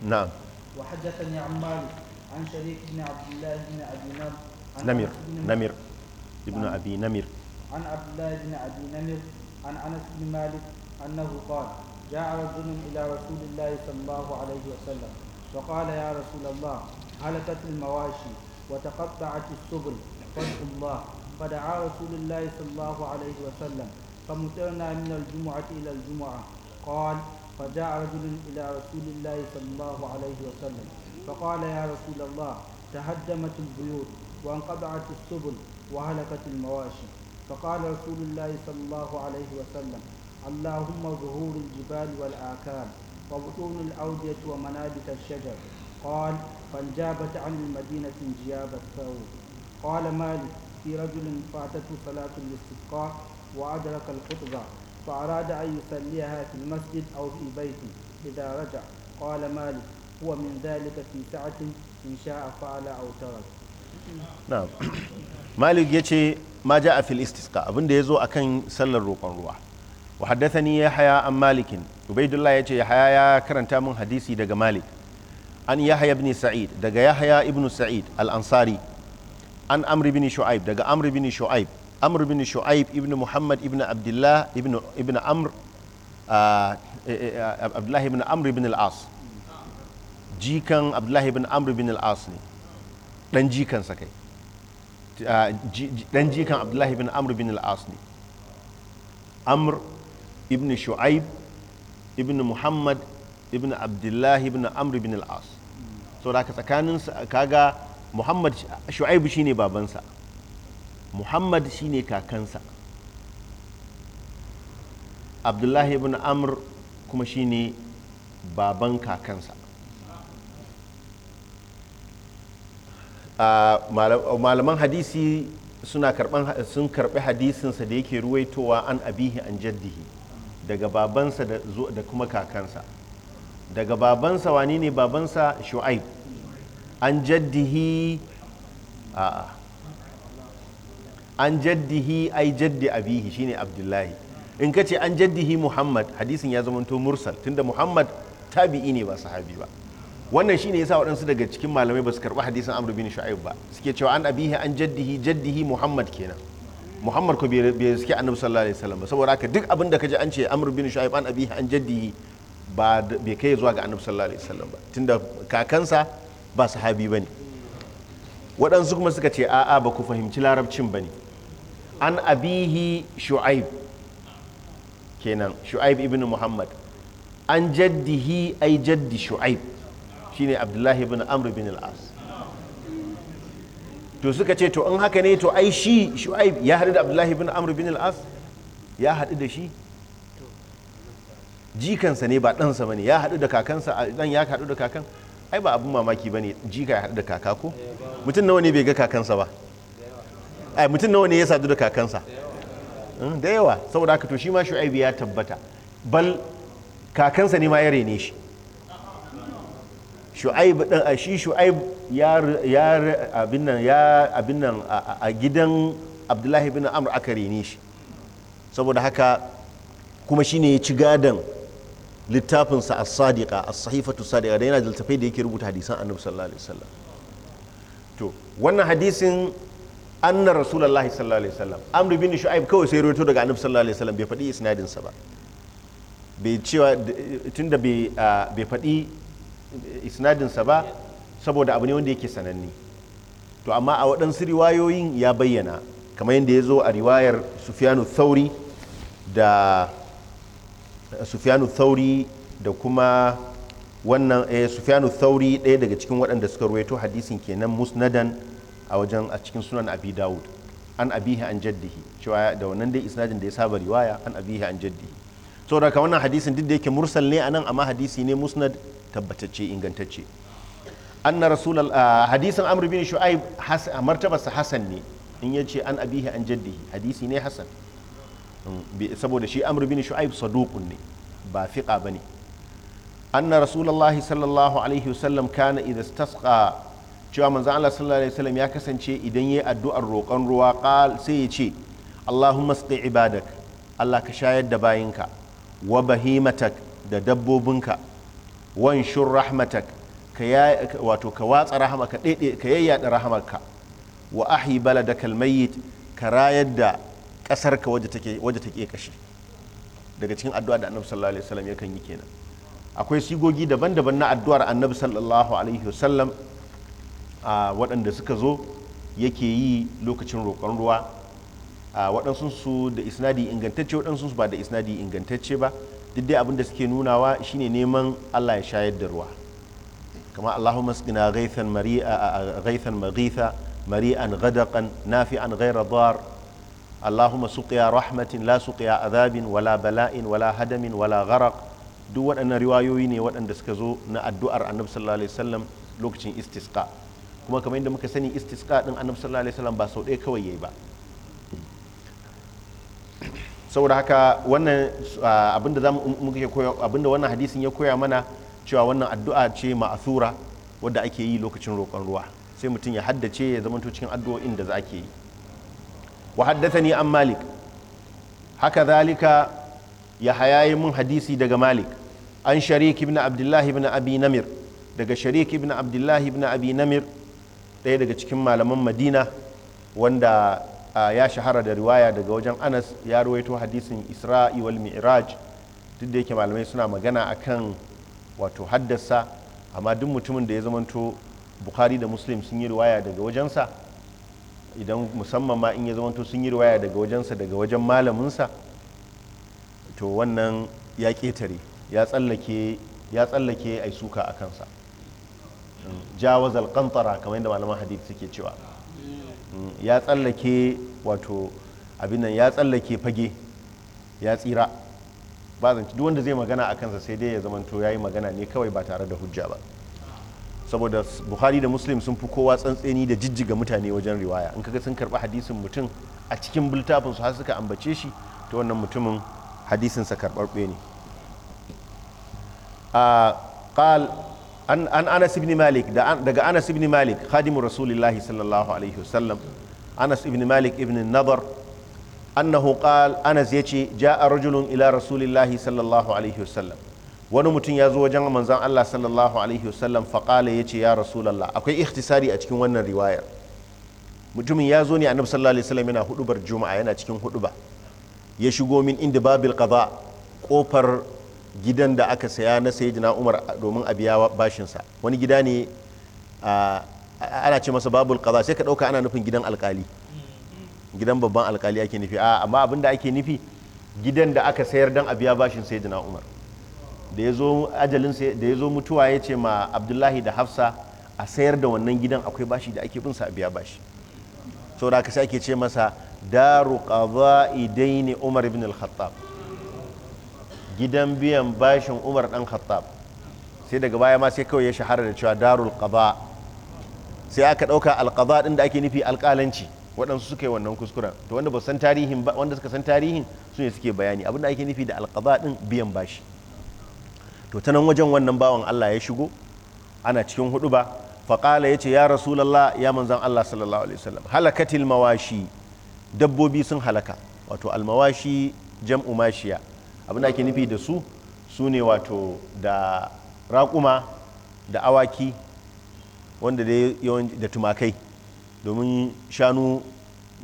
نعم وحدثني عن مالك عن شريك بن عبد الله بن أبي نمر نمر نمر ابن أبي نمر عن عبد الله بن أبي نمر عن أنس بن مالك أنه قال جاء رجل إلى رسول الله صلى الله عليه وسلم فقال يا رسول الله هلكت المواشي وتقطعت السبل فاتقوا الله فدعا رسول الله صلى الله عليه وسلم فمطرنا من الجمعة إلى الجمعة قال فجاء رجل إلى رسول الله صلى الله عليه وسلم فقال يا رسول الله تهدمت البيوت وانقطعت السبل وهلكت المواشي فقال رسول الله صلى الله عليه وسلم اللهم ظهور الجبال والآكام وبطون الأودية ومنابت الشجر قال فانجابت عن المدينة انجياب الثور قال مالك في رجل فاتته صلاة الاستسقاء وأدرك الخطبة فأراد أن يصليها في المسجد أو في بيته إذا رجع قال مالك هو من ذلك في سعة إن شاء فعل أو ترك نعم مالك يجي ما جاء في الاستسقاء abin da ya zo akan sallar roƙon ruwa wa ni yahya an malikin ubaidullah yace yahya ya karanta min hadisi daga malik an yahya ibn sa'id daga yahya ibn sa'id al-ansari an amr ibn shu'aib daga amr ibn shu'aib amr ibn shu'aib ibn muhammad ibn abdullah ibn ibn jikan abdullah ibn amr ibn al ne dan jikan sa kai jikan abdullah ibn amr ibn al ne amr ibn shu'aib ibn muhammad ibn abdullahi ibn amr ibn al-as so da ka tsakanin kaga muhammad shu'aib shine babansa muhammad shine kakansa abdullahi ibn amr kuma shine baban kakansa malaman hadisi suna sun karbi hadisinsa da yake ruwaitowa an abihi an jaddihi daga babansa da kuma kakansa daga babansa wani ne babansa shu'aib an jaddihi a an jaddihi ai jaddi abihi shine abdullahi in ka ce an jaddihi muhammad hadisin ya zamanto mursal tunda muhammad tabi'i ne ba sahabi ba wannan shine yasa waɗansu daga cikin malamai ba su karɓi hadisin amr bin shu'aib ba suke cewa an abihi an jaddihi jaddihi muhammad kenan muhammad ko bai riski annabi sallallahu alaihi wasallam saboda haka duk abin da kaji an ce amr bin shu'aib an abihi an jaddihi ba bai kai zuwa ga annabi sallallahu alaihi wasallam ba tunda kakansa ba sahabi bane waɗansu kuma suka ce a'a ba ku fahimci larabcin bane an abihi shu'aib kenan shu'aib ibn muhammad an jaddihi ai jaddi shu'aib shine abdullahi ibn amr bin al-as to suka ce to in haka ne to ai shi shu'aib ya haɗu da abdullahi bin amr bin al-as ya haɗu da shi jikansa ne ba ɗansa ba ne ya haɗu da kakansa ɗan ya haɗu da kakan ai ba abin mamaki ba ne jika ya haɗu da kaka ko mutum nawa ne bai ga kakansa ba ai mutum nawa ne ya sadu da kakansa hmm, da yawa saboda haka to shi ma shu'aibu ya tabbata bal kakansa ne ma ya rene shi shu'aib din a shi shu'aib ya abin nan ya abin nan a gidan abdullahi bin amr aka rene shi saboda haka kuma shine ya ci gadon littafinsa a sadiqa a sahifatu sadiqa da yana da littafai da yake rubuta hadisan annabi sallallahu alaihi wasallam to wannan hadisin anna rasulullahi sallallahu alaihi wasallam amr bin shu'aib kawai sai rawaito daga annabi sallallahu alaihi wasallam bai faɗi isnadin sa ba bai cewa tunda bai faɗi isnadinsa ba saboda abu ne wanda yake sananne to amma a waɗansu riwayoyin ya bayyana kamar yadda ya zo a riwayar sufyanu thauri da sufyanu thauri da kuma wannan eh, sufyanu thauri ɗaya daga cikin waɗanda suka ruwaito hadisin kenan musnadan a wajen a cikin sunan abi dawud an abihi an jaddihi cewa da wannan dai isnadin da ya saba riwaya an abihi an jaddihi saboda ka wannan hadisin duk da yake mursal ne anan amma hadisi ne musnad tabbatacce ingantacce anna rasulal ah, hadisin amr bin shu'aib martabarsa hasan ne in yace an abihi an jaddihi hadisi ne hasan mm, saboda shi amr bin shu'aib saduqun ne ba fiqa bane anna rasulullahi sallallahu alaihi wasallam kana idza istasqa cewa manzon Allah sallallahu alaihi wasallam ya kasance idan yayi addu'ar roƙon ruwa qal sai ya ce Allahumma sqi ibadak Allah ka shayar da bayinka wa bahimatak da dabbobinka wanshur rahmatak wato ka watsa rahama ka dede ka yayyada rahamarka wa ahyi da almayyit ka rayar da kasarka wadda take wadda take kashi daga cikin addu'a da Annabi sallallahu alaihi wasallam yakan yi kenan akwai sigogi daban-daban na addu'ar Annabi sallallahu alaihi wasallam a waɗanda suka zo yake yi lokacin roƙon ruwa a waɗansu su da isnadi ingantacce waɗansu su ba da isnadi ingantacce ba duk dai abin da suke nunawa shine neman Allah ya shayar da ruwa kama Allahumma sqina ghaithan mari'a ghaithan maghitha mari'an ghadaqan nafi'an ghayra dar Allahumma suqiya rahmatin la suqiya adhabin wala bala'in wala hadamin wala gharaq duk waɗannan riwayoyi ne waɗanda suka zo na addu'ar Annabi sallallahu alaihi wasallam lokacin istisqa kuma kamar yadda muka sani istisqa din Annabi sallallahu alaihi wasallam ba sau ɗaya kawai yayi ba saboda haka wannan ah, abinda mu ke koya abinda wannan hadisin ya koya mana cewa wannan addu'a ce ma'asura wadda ake yi lokacin roƙon ruwa sai mutum ya haddace ya zamanto cikin addu'o'in da za ake yi wa ni an malik haka zalika ya hayayi mun hadisi daga malik an sharik ibn abdullah ibn abi namir daga sharik ibn abdullah ibn abi namir ɗaya daga cikin malaman madina wanda Ah, ya shahara da riwaya daga wajen anas ya ruwaito hadisin isra'i wal mi'raj duk da yake malamai suna magana akan wato haddasa amma duk mutumin da ya zamanto bukhari da muslim sun yi riwaya daga wajensa idan musamman ma in ya zamanto sun yi riwaya daga wajensa daga wajen malaminsa to wannan ya ketare ya tsallake ya tsallake ai suka a kansa hmm. jawaz alƙantara kamar yadda malaman hadith suke cewa ya tsallake wato abin nan ya tsallake fage ya tsira ba zance duk wanda zai magana a kansa sai dai ya zamanto ya yi magana ne kawai ba tare da hujja ba saboda buhari da muslim sun fi kowa tsantseni da jijjiga mutane wajen riwaya in kaga sun karba hadisin mutum a cikin littafin su har suka ambace shi ta wannan mutumin hadisinsa karɓarɓe ne a ah, an anas ibn malik daga anas ibn malik khadimu rasulillahi sallallahu alaihi wasallam anas ibn malik ibn nadar annahu qal anas yace ja'a rajulun ila rasulillahi sallallahu alaihi wasallam wani mutum ya zo wajen manzon Allah sallallahu alaihi wasallam faqala yace ya rasulullah akwai ikhtisari a cikin wannan riwayar mutumin ya zo ne annabi sallallahu alaihi wasallam yana hudubar juma'a yana cikin huduba ya shigo min inda babil qada kofar gidan da aka saya na sayyidina umar domin a biya bashinsa wani gida ne ana ce masa babul kaza sai ka ɗauka ana nufin gidan alkali gidan babban alkali ake nufi a amma abin da ake nufi gidan da aka sayar don a biya bashin sayyidina umar da ya zo ajalin da ya zo mutuwa ya ce ma abdullahi da hafsa a sayar da wannan gidan akwai bashi da ake bin a biya bashi saboda aka sai ake ce masa daru qada'i ne umar ibn al-khattab gidan biyan bashin umar dan khattab sai daga baya ma sai kawai ya shahara da cewa darul qada sai aka dauka qada din da ake nufi alƙalanci waɗansu suka yi wannan kuskuren to wanda ba san tarihin ba wanda suka san tarihin su ne suke bayani abinda ake nufi da alqada ɗin biyan bashi to ta nan wajen wannan bawan Allah ya shigo ana cikin hudu ba faqala yace ya rasulullah ya manzon Allah sallallahu alaihi wasallam halakatil mawashi dabbobi sun halaka wato almawashi jam'u mashiya abin da ake nufi da su su ne wato da raƙuma da awaki wanda da da tumakai domin shanu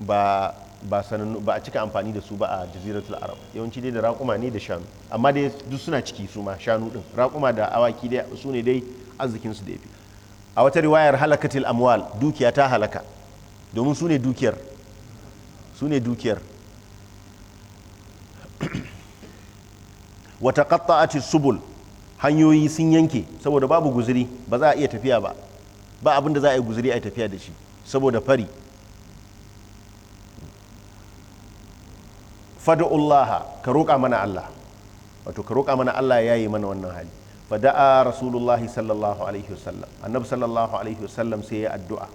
ba ba a cika amfani da su ba a jaziratul arab yawanci dai da raƙuma ne da shanu amma dai duk suna ciki su ma shanu din raƙuma da awaki dai su ne dai arzikin su da yafi a wata riwayar halakatil amwal dukiya ta halaka domin su su ne dukiyar wata taqatta'ati subul hanyoyi sun yanke saboda babu guzuri ba za a iya tafiya ba ba abin da za a yi guzuri a yi tafiya da shi saboda fari ka roƙa mana Allah wato ka roƙa mana Allah ya yi mana wannan hali fada'a rasulullah sallallahu alaihi wasallam annabi sallallahu alaihi wasallam sai ya addu'a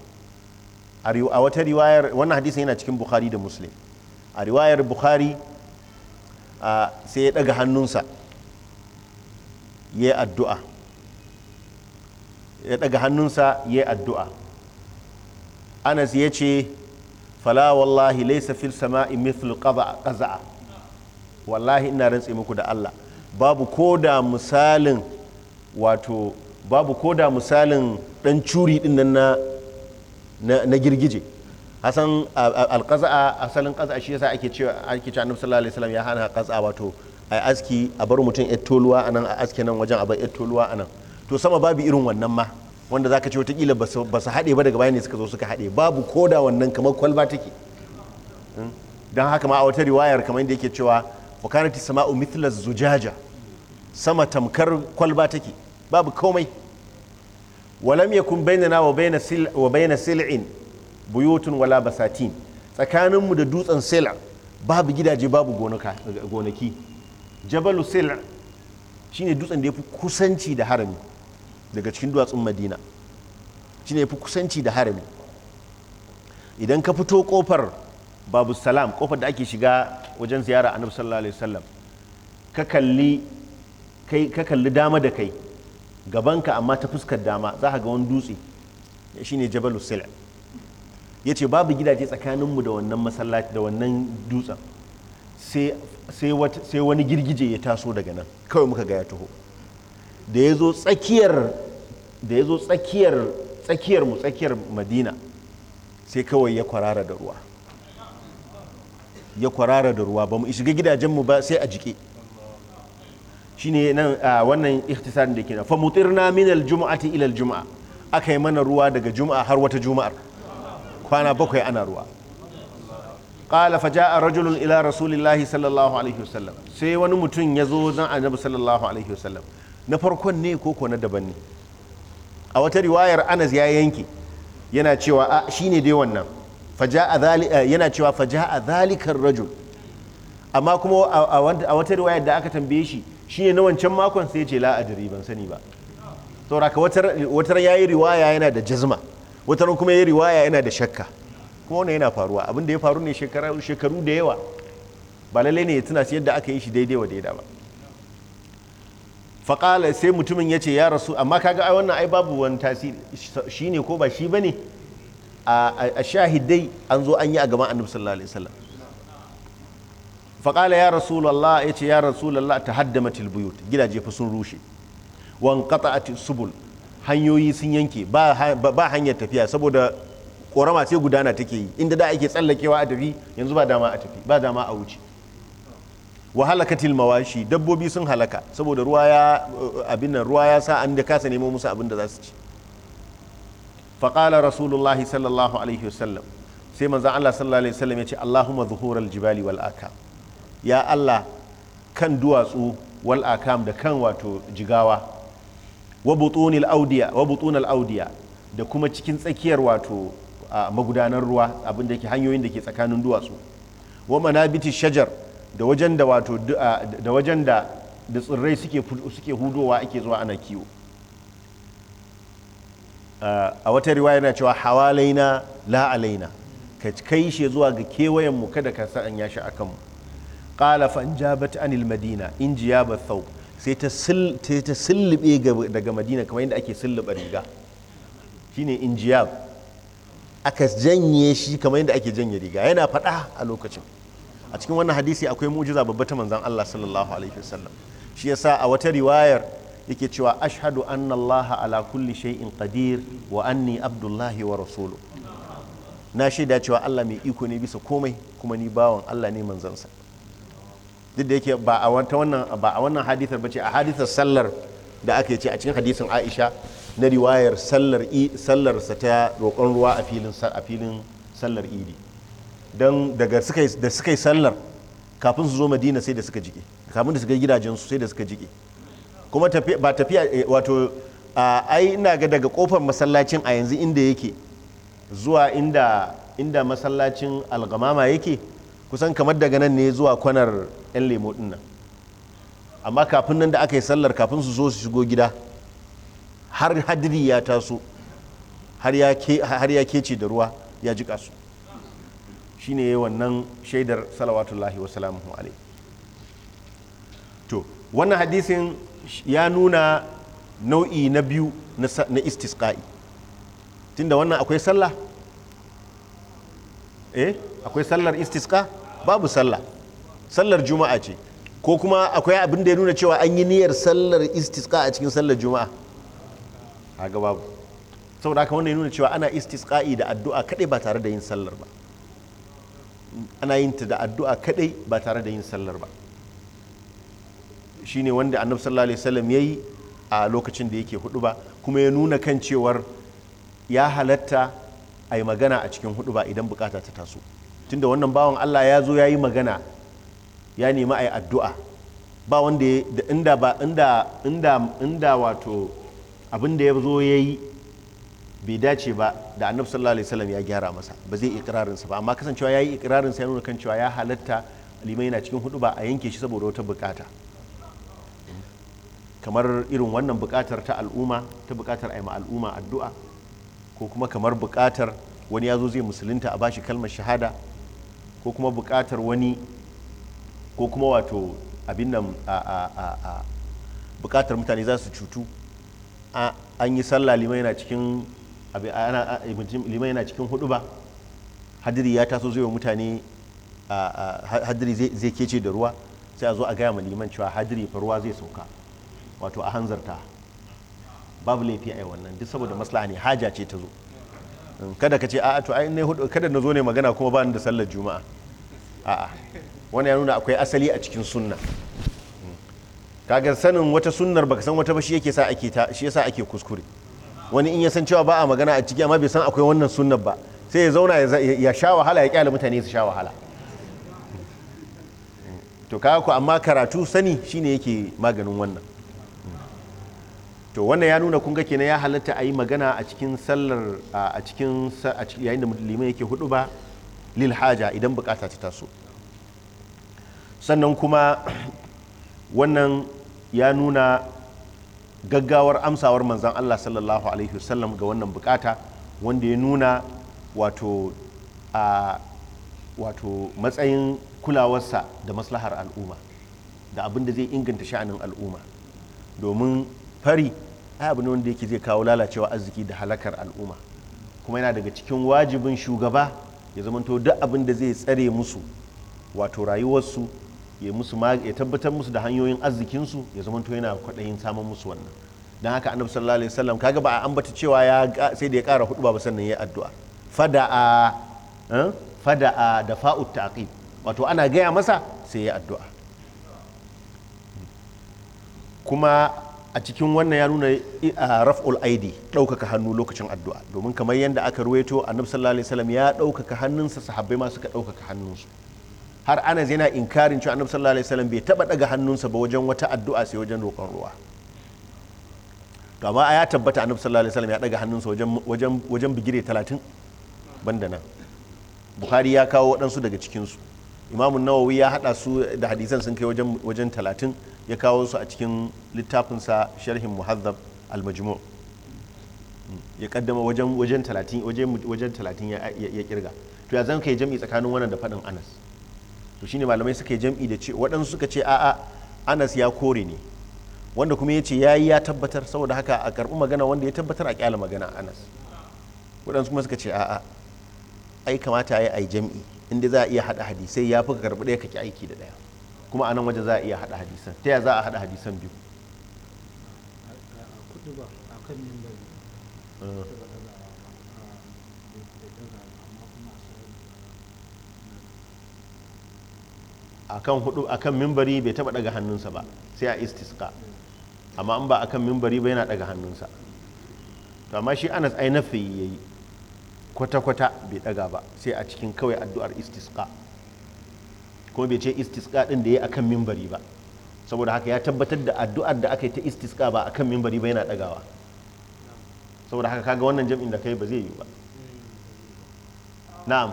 a wata riwayar wannan hadisi yana cikin bukhari da muslim a riwayar bukhari sai ya ɗaga hannunsa ya yi addu'a ya ɗaga hannunsa ya yi addu'a anas ya ce fala wallahi laisa fil sama'i mithlu qaza'a wallahi ina rantse muku da Allah babu ko da misalin wato babu ko da misalin ɗan curi ɗin na girgije hasan a asalin ƙaza shi yasa ake cewa ake cewa annabi sallallahu alaihi wasallam ya hana ba wato a aski a bar mutum ya toluwa anan a aski nan wajen a bar yar toluwa anan to sama babu irin wannan ma wanda zaka ce kila ba su haɗe ba daga bayan ne suka zo suka haɗe babu koda wannan kamar kwalba take hmm? don haka ma a wata riwayar kamar yadda yake cewa wakanati sama'u mithla zujaja sama tamkar kwalba take babu komai walam yakun bainana wa baina sil'in buyutun wala basatin tsakaninmu da dutsen sila babu gidaje babu gonaki jabalu sila shine dutsen da ya fi kusanci da harami daga cikin duwatsun madina shine ya fi kusanci da harami idan ka fito kofar babu salam kofar da ake shiga wajen ziyara a sallallahu alaihi wasallam ka kalli ka kalli dama da kai gabanka amma ta fuskar dama za ka ga wani dutse shine jabalu sila ya ce babu gidaje tsakaninmu da wannan masallaci da wannan dutsen sai wani girgije ya taso daga nan kawai muka ga ya da ya zo tsakiyar tsakiyar mu tsakiyar madina sai kawai ya kwarara da ruwa ya kwarara da ruwa ba mu shiga gidajenmu ba sai a jike shine nan a wannan ikhtisarin da ke na fa mutirna minal al ilal juma'a aka yi mana ruwa daga juma'a har wata juma'ar kwana bakwai ana ruwa qala fa jaa rajulun ila rasulillahi sallallahu alaihi wasallam sai wani mutum ya zo zan annabi sallallahu alaihi wasallam na farkon ne ko ko na daban ne a wata riwayar Anas ya yanke yana cewa a shine dai wannan fa jaa eh, yana cewa fa jaa zalikar rajul amma kuma a wata riwayar da aka tambaye shi shine na wancan makon sai ya ce la adri ban sani ba saboda ka wata watar yayi riwaya yana da jazma wata kuma ya riwaya yana da shakka kuma wannan yana faruwa abin da ya faru ne shekaru da yawa ba lallai ne ya tuna su yadda aka yi shi daidai wa daidai ba faƙala sai mutumin ya ce ya rasu amma kaga ai wannan ai babu wani tasiri shi ne ko ba shi ba ne a shahidai an zo an yi a gaban annabi sallallahu alaihi wasallam faƙala ya rasulallah ya ce ya rasulallah ta haddama tilbuyut gidaje fa sun rushe wan subul hanyoyi sun yanke ba hanyar tafiya saboda korama sai gudana take yi inda da ake tsallakewa a tafi yanzu ba dama a tafi ba dama a wuce wa halakatil tilmawashi dabbobi sun halaka saboda ruwa ya abin nan ruwa ya sa an da kasa nemo musu abin da za su ci faqala rasulullah sallallahu alaihi wasallam sai manzo Allah sallallahu alaihi wasallam ya ce Allahumma zuhural jibali wal akam ya Allah kan duwatsu wal akam da kan wato jigawa wa butunil audiya da kuma cikin tsakiyar wato magudanar ruwa abin da ke hanyoyin da ke tsakanin duwatsu wa biti shajar da wajen da wato da wajen da da tsirrai suke hudowa ake zuwa ana kiwo a wata riwaya yana cewa hawalaina la'alaina ka kai shi zuwa ga kewayen mu kada ka sa'an ya shi akan mu qala fa anjabat anil madina injiyaba thawb sai ta sullube daga madina kamar yadda ake sulluba riga shine injiyab aka janye shi kamar yadda ake janye riga yana faɗa a lokacin a cikin wannan hadisi akwai mujiza babba ta manzan Allah sallallahu alaihi wasallam shi yasa a wata riwayar yake cewa ashhadu anna Allah ala kulli shay'in qadir wa anni abdullahi wa rasulu na shaida cewa Allah mai iko ne bisa komai kuma ni bawan Allah ne manzansa duk da yake ba a wannan ba a wannan hadithar bace a hadithar sallar da aka ce a cikin hadisin Aisha na riwayar sallar sallar sa ta roƙon ruwa a filin a filin sallar Idi dan daga suka da suka yi sallar kafin su zo Madina sai da suka jike kafin da suka gidajen su sai da suka jike kuma ba tafiya eh, wato ai ina ga daga kofar masallacin a yanzu inda yake zuwa inda inda masallacin algamama yake kusan kamar daga nan ne zuwa kwanar 'yan lemo ɗin nan amma kafin nan da aka yi sallar kafin su zo su shigo gida har hadiri ya taso har ya kece da ruwa ya jika su Shi ne wannan shaidar salawatullahi wa salamuhu to wannan hadisin ya nuna nau'i na biyu na istisqa'i tunda wannan akwai sallah eh akwai sallar istisqa babu sallah sallar juma'a ce ko kuma akwai abin da ya nuna cewa an yi niyyar sallar istisqa a cikin sallar juma'a a ga babu saboda haka wanda ya nuna cewa ana istisqa'i da addu'a kadai ba tare da yin sallar ba ana yin ta da addu'a kadai ba tare da yin sallar ba shine wanda annabi sallallahu alaihi wasallam yayi a lokacin da yake hudu ba kuma ya nuna kan cewar ya halatta a yi magana a cikin hudu ba idan bukata ta taso tunda wannan bawan Allah ya zo ya yi magana ya nemi a yi addu'a ba wanda da inda ba inda wato abin da ya zo ya yi bai dace ba da annabi sallallahu alaihi wasallam ya gyara masa ba zai ikirarin sa ba amma kasancewa ya yi ikirarin sa ya nuna kan cewa ya halatta limai yana cikin hudu ba a yanke shi saboda wata bukata kamar irin wannan bukatar ta al'umma ta bukatar a yi ma al'umma addu'a ko kuma kamar bukatar wani ya zo zai musulunta a bashi kalmar shahada ko kuma buƙatar wani ko kuma wato abin nan a a a a buƙatar mutane za su cutu an yi sallah liman yana cikin liman yana cikin hudu ba hadiri ya taso zai wa mutane hadiri zai kece da ruwa sai a zo a gaya ma liman cewa hadiri fa ruwa zai sauka wato a hanzarta babu laifi a wannan duk saboda maslaha ne haja ce ta zo kada ka ce a'a to ai ne hudu kada na zo ne magana kuma ba ni da sallar juma'a a'a wani ya nuna akwai asali a cikin sunna kaga sanin wata sunnar baka san wata ba shi yake sa ake ta shi yasa ake kuskure wani in ya san cewa ba a magana a ciki amma bai san akwai wannan sunnar ba sai ya zauna ya sha wahala ya kyale mutane su sha wahala to kaga ku amma karatu sani shine yake maganin wannan to wannan ya nuna kun ga kenan ya halatta a yi magana a cikin sallar a cikin yayin da liman yake hudu ba lil haja idan bukata ta taso sannan kuma wannan ya nuna gaggawar amsawar manzan Allah sallallahu alaihi wasallam ga wannan bukata wanda ya nuna wato wato matsayin kulawarsa da maslahar al'umma da abin da zai inganta sha'anin al'umma domin fari ai abu ne wanda yake zai kawo lalacewa arziki da halakar al'umma kuma yana daga cikin wajibin shugaba ya zamanto duk abin da zai tsare musu wato rayuwarsu ya musu ya tabbatar musu da hanyoyin arzikin su ya zamanto yana kwaɗayin samun musu wannan dan haka annabi sallallahu alaihi wasallam kaga ba a ambata cewa ya sai da ya kara hudu ba sannan ya addu'a fada'a eh, fada'a da fa'ut taqib wato ana gaya masa sai ya addu'a kuma a cikin wannan ya nuna raf'ul aidi ɗaukaka hannu lokacin addu'a domin kamar yadda aka ruwaito annabi sallallahu alaihi wasallam ya ɗaukaka hannunsa sahabbai ma suka ɗaukaka hannunsu har anas yana inkarin cewa annabi sallallahu alaihi wasallam bai taɓa ɗaga hannunsa ba wajen wata addu'a sai wajen roƙon ruwa to amma ya tabbata annabi sallallahu alaihi wasallam ya ɗaga hannunsa wajen wajen wajen bigire 30 banda nan bukhari ya kawo waɗansu daga cikinsu imamun nawawi ya haɗa su da hadisan sun kai wajen wajen 30 ya kawo su a cikin littafinsa sharhin muhazzab al-majmu ya kaddama wajen wajen talatin wajen wajen talatin ya kirga to ya zan kai jam'i tsakanin wannan da fadin Anas to shine malamai suka yi jam'i da ce waɗansu suka ce a'a Anas ya kore ne wanda kuma ya ce ya yi ya tabbatar saboda haka a karɓi magana wanda ya tabbatar a kyala magana Anas waɗansu kuma suka ce a'a ai kamata ya yi jam'i inda za a iya haɗa hadisai ya fi karɓi ɗaya ka ki aiki da ɗaya kuma a nan waje za a iya hada hadisan ta za a hada hadisan biyu A hudu akan mimbari bai taba daga hannunsa ba sai a istiska amma an ba a kan mimbari ba yana daga hannunsa to amma shi Anas ai nafi yayi kwata kwata bai daga ba sai a cikin kawai addu'ar istiska kuma bai ce istisqa din da ya akan mimbari ba saboda haka ya tabbatar da addu'ar da aka yi ta istisqa ba akan mimbari ba yana dagawa saboda haka kaga wannan jam'in da kai ba zai yi ba na'am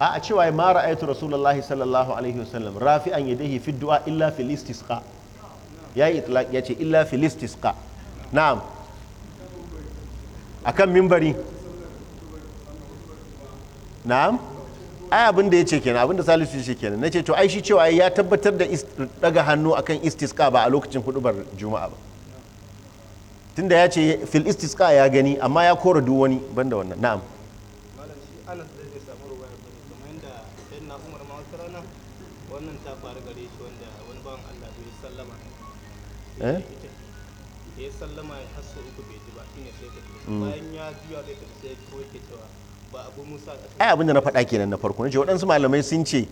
a a cewa ma ra'aytu rasulullahi sallallahu alaihi wasallam rafi'an yadayhi fi du'a illa fil istisqa ya yi itlaq ya ce illa filistisqa na'am akan mimbari na'am ai abin da ya ce kenan abin da salisu ya ce kenan na ce to ai shi cewa ya tabbatar da daga hannu akan istisqa ba a lokacin hudubar juma'a ba tunda ya ce fil istisqa ya gani amma ya kora duk wani banda wannan na'am eh ai abin da na faɗa kenan na farko nace waɗansu malamai sun ce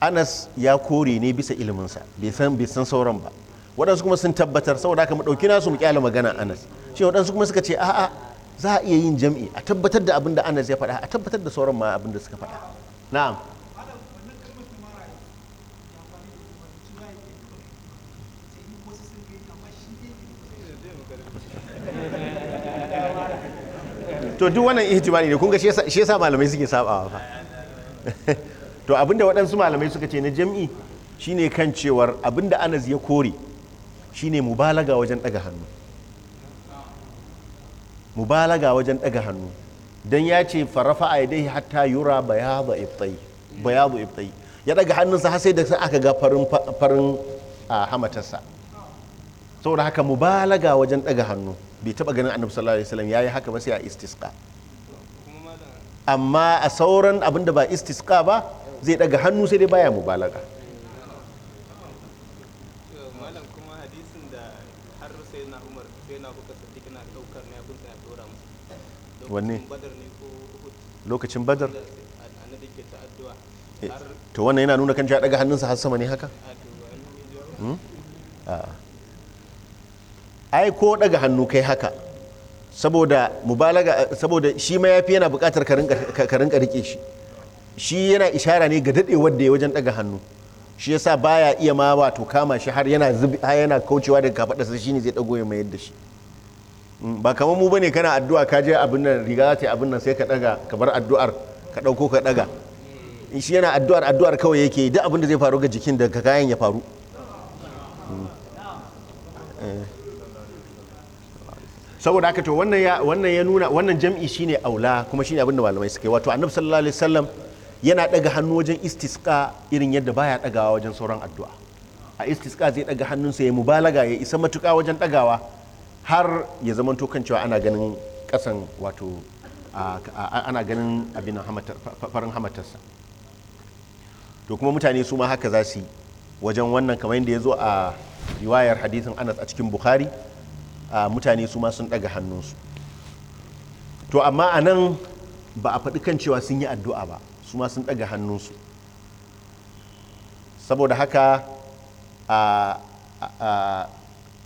Anas ya kore ne bisa iliminsa bai san san sauran ba waɗansu kuma sun tabbatar saboda haka mu ɗauki nasu mu kyala magana Anas shi waɗansu kuma suka ce a'a za a iya yin jam'i a tabbatar da abin da Anas ya faɗa a tabbatar da sauran ma abin da suka faɗa na'am to duk wannan ihtimali ne kun ga shi yasa malamai suke sabawa fa [LAUGHS] to abinda waɗansu malamai suka ce na jam'i shine kan cewar abinda Anas ya kore shine mubalaga wajen ɗaga hannu mubalaga wajen ɗaga hannu don ya ce farafa a yadai hatta yura bayadu ibtai bayadu ibtai ya ɗaga hannunsa har sai da aka ga farin hamatarsa saboda haka mubalaga wajen daga hannu bai taba ganin annabi sallallahu alaihi wasallam yayi haka ba sai a istisqa amma a sauran abin da ba istisqa ba zai daga hannu sai dai baya mubalaga wanne lokacin badar eh, to wannan yana nuna kan ya daga hannunsa har sama ne haka ai ko daga hannu kai haka saboda mubalaga saboda shi ma yafi yana buƙatar ka rinka rike shi shi yana ishara ne ga dade wanda ya wajen daga hannu shi yasa baya iya ma wato kama shi har yana yana kaucewa daga kafadarsa shine zai dago ya mayar da shi mm, ba kamar mu bane kana addu'a ka je abin nan riga ta abin nan sai ka daga ka bar addu'ar ka dauko ka daga shi yana addu'ar addu'ar kawai yake duk abin da zai faru ga jikin da kayan ya faru mm. eh. saboda haka to wannan ya wannan nuna wannan jam'i shine aula kuma shine abin da malamai suka wato annabi sallallahu alaihi wasallam yana daga hannu wajen istisqa irin yadda baya dagawa wajen sauran addu'a a istisqa zai daga hannunsa ya mubalaga ya isa matuƙa wajen dagawa har ya zamanto kan cewa ana ganin kasan wato ana ganin abin farin hamatarsa to kuma mutane su ma haka za su yi wajen wannan kamar yadda ya zo a riwayar hadisin anas a cikin bukhari mutane su ma sun ɗaga hannunsu to amma a nan ba a faɗi kan cewa sun yi addu'a ba su ma sun ɗaga hannunsu saboda haka a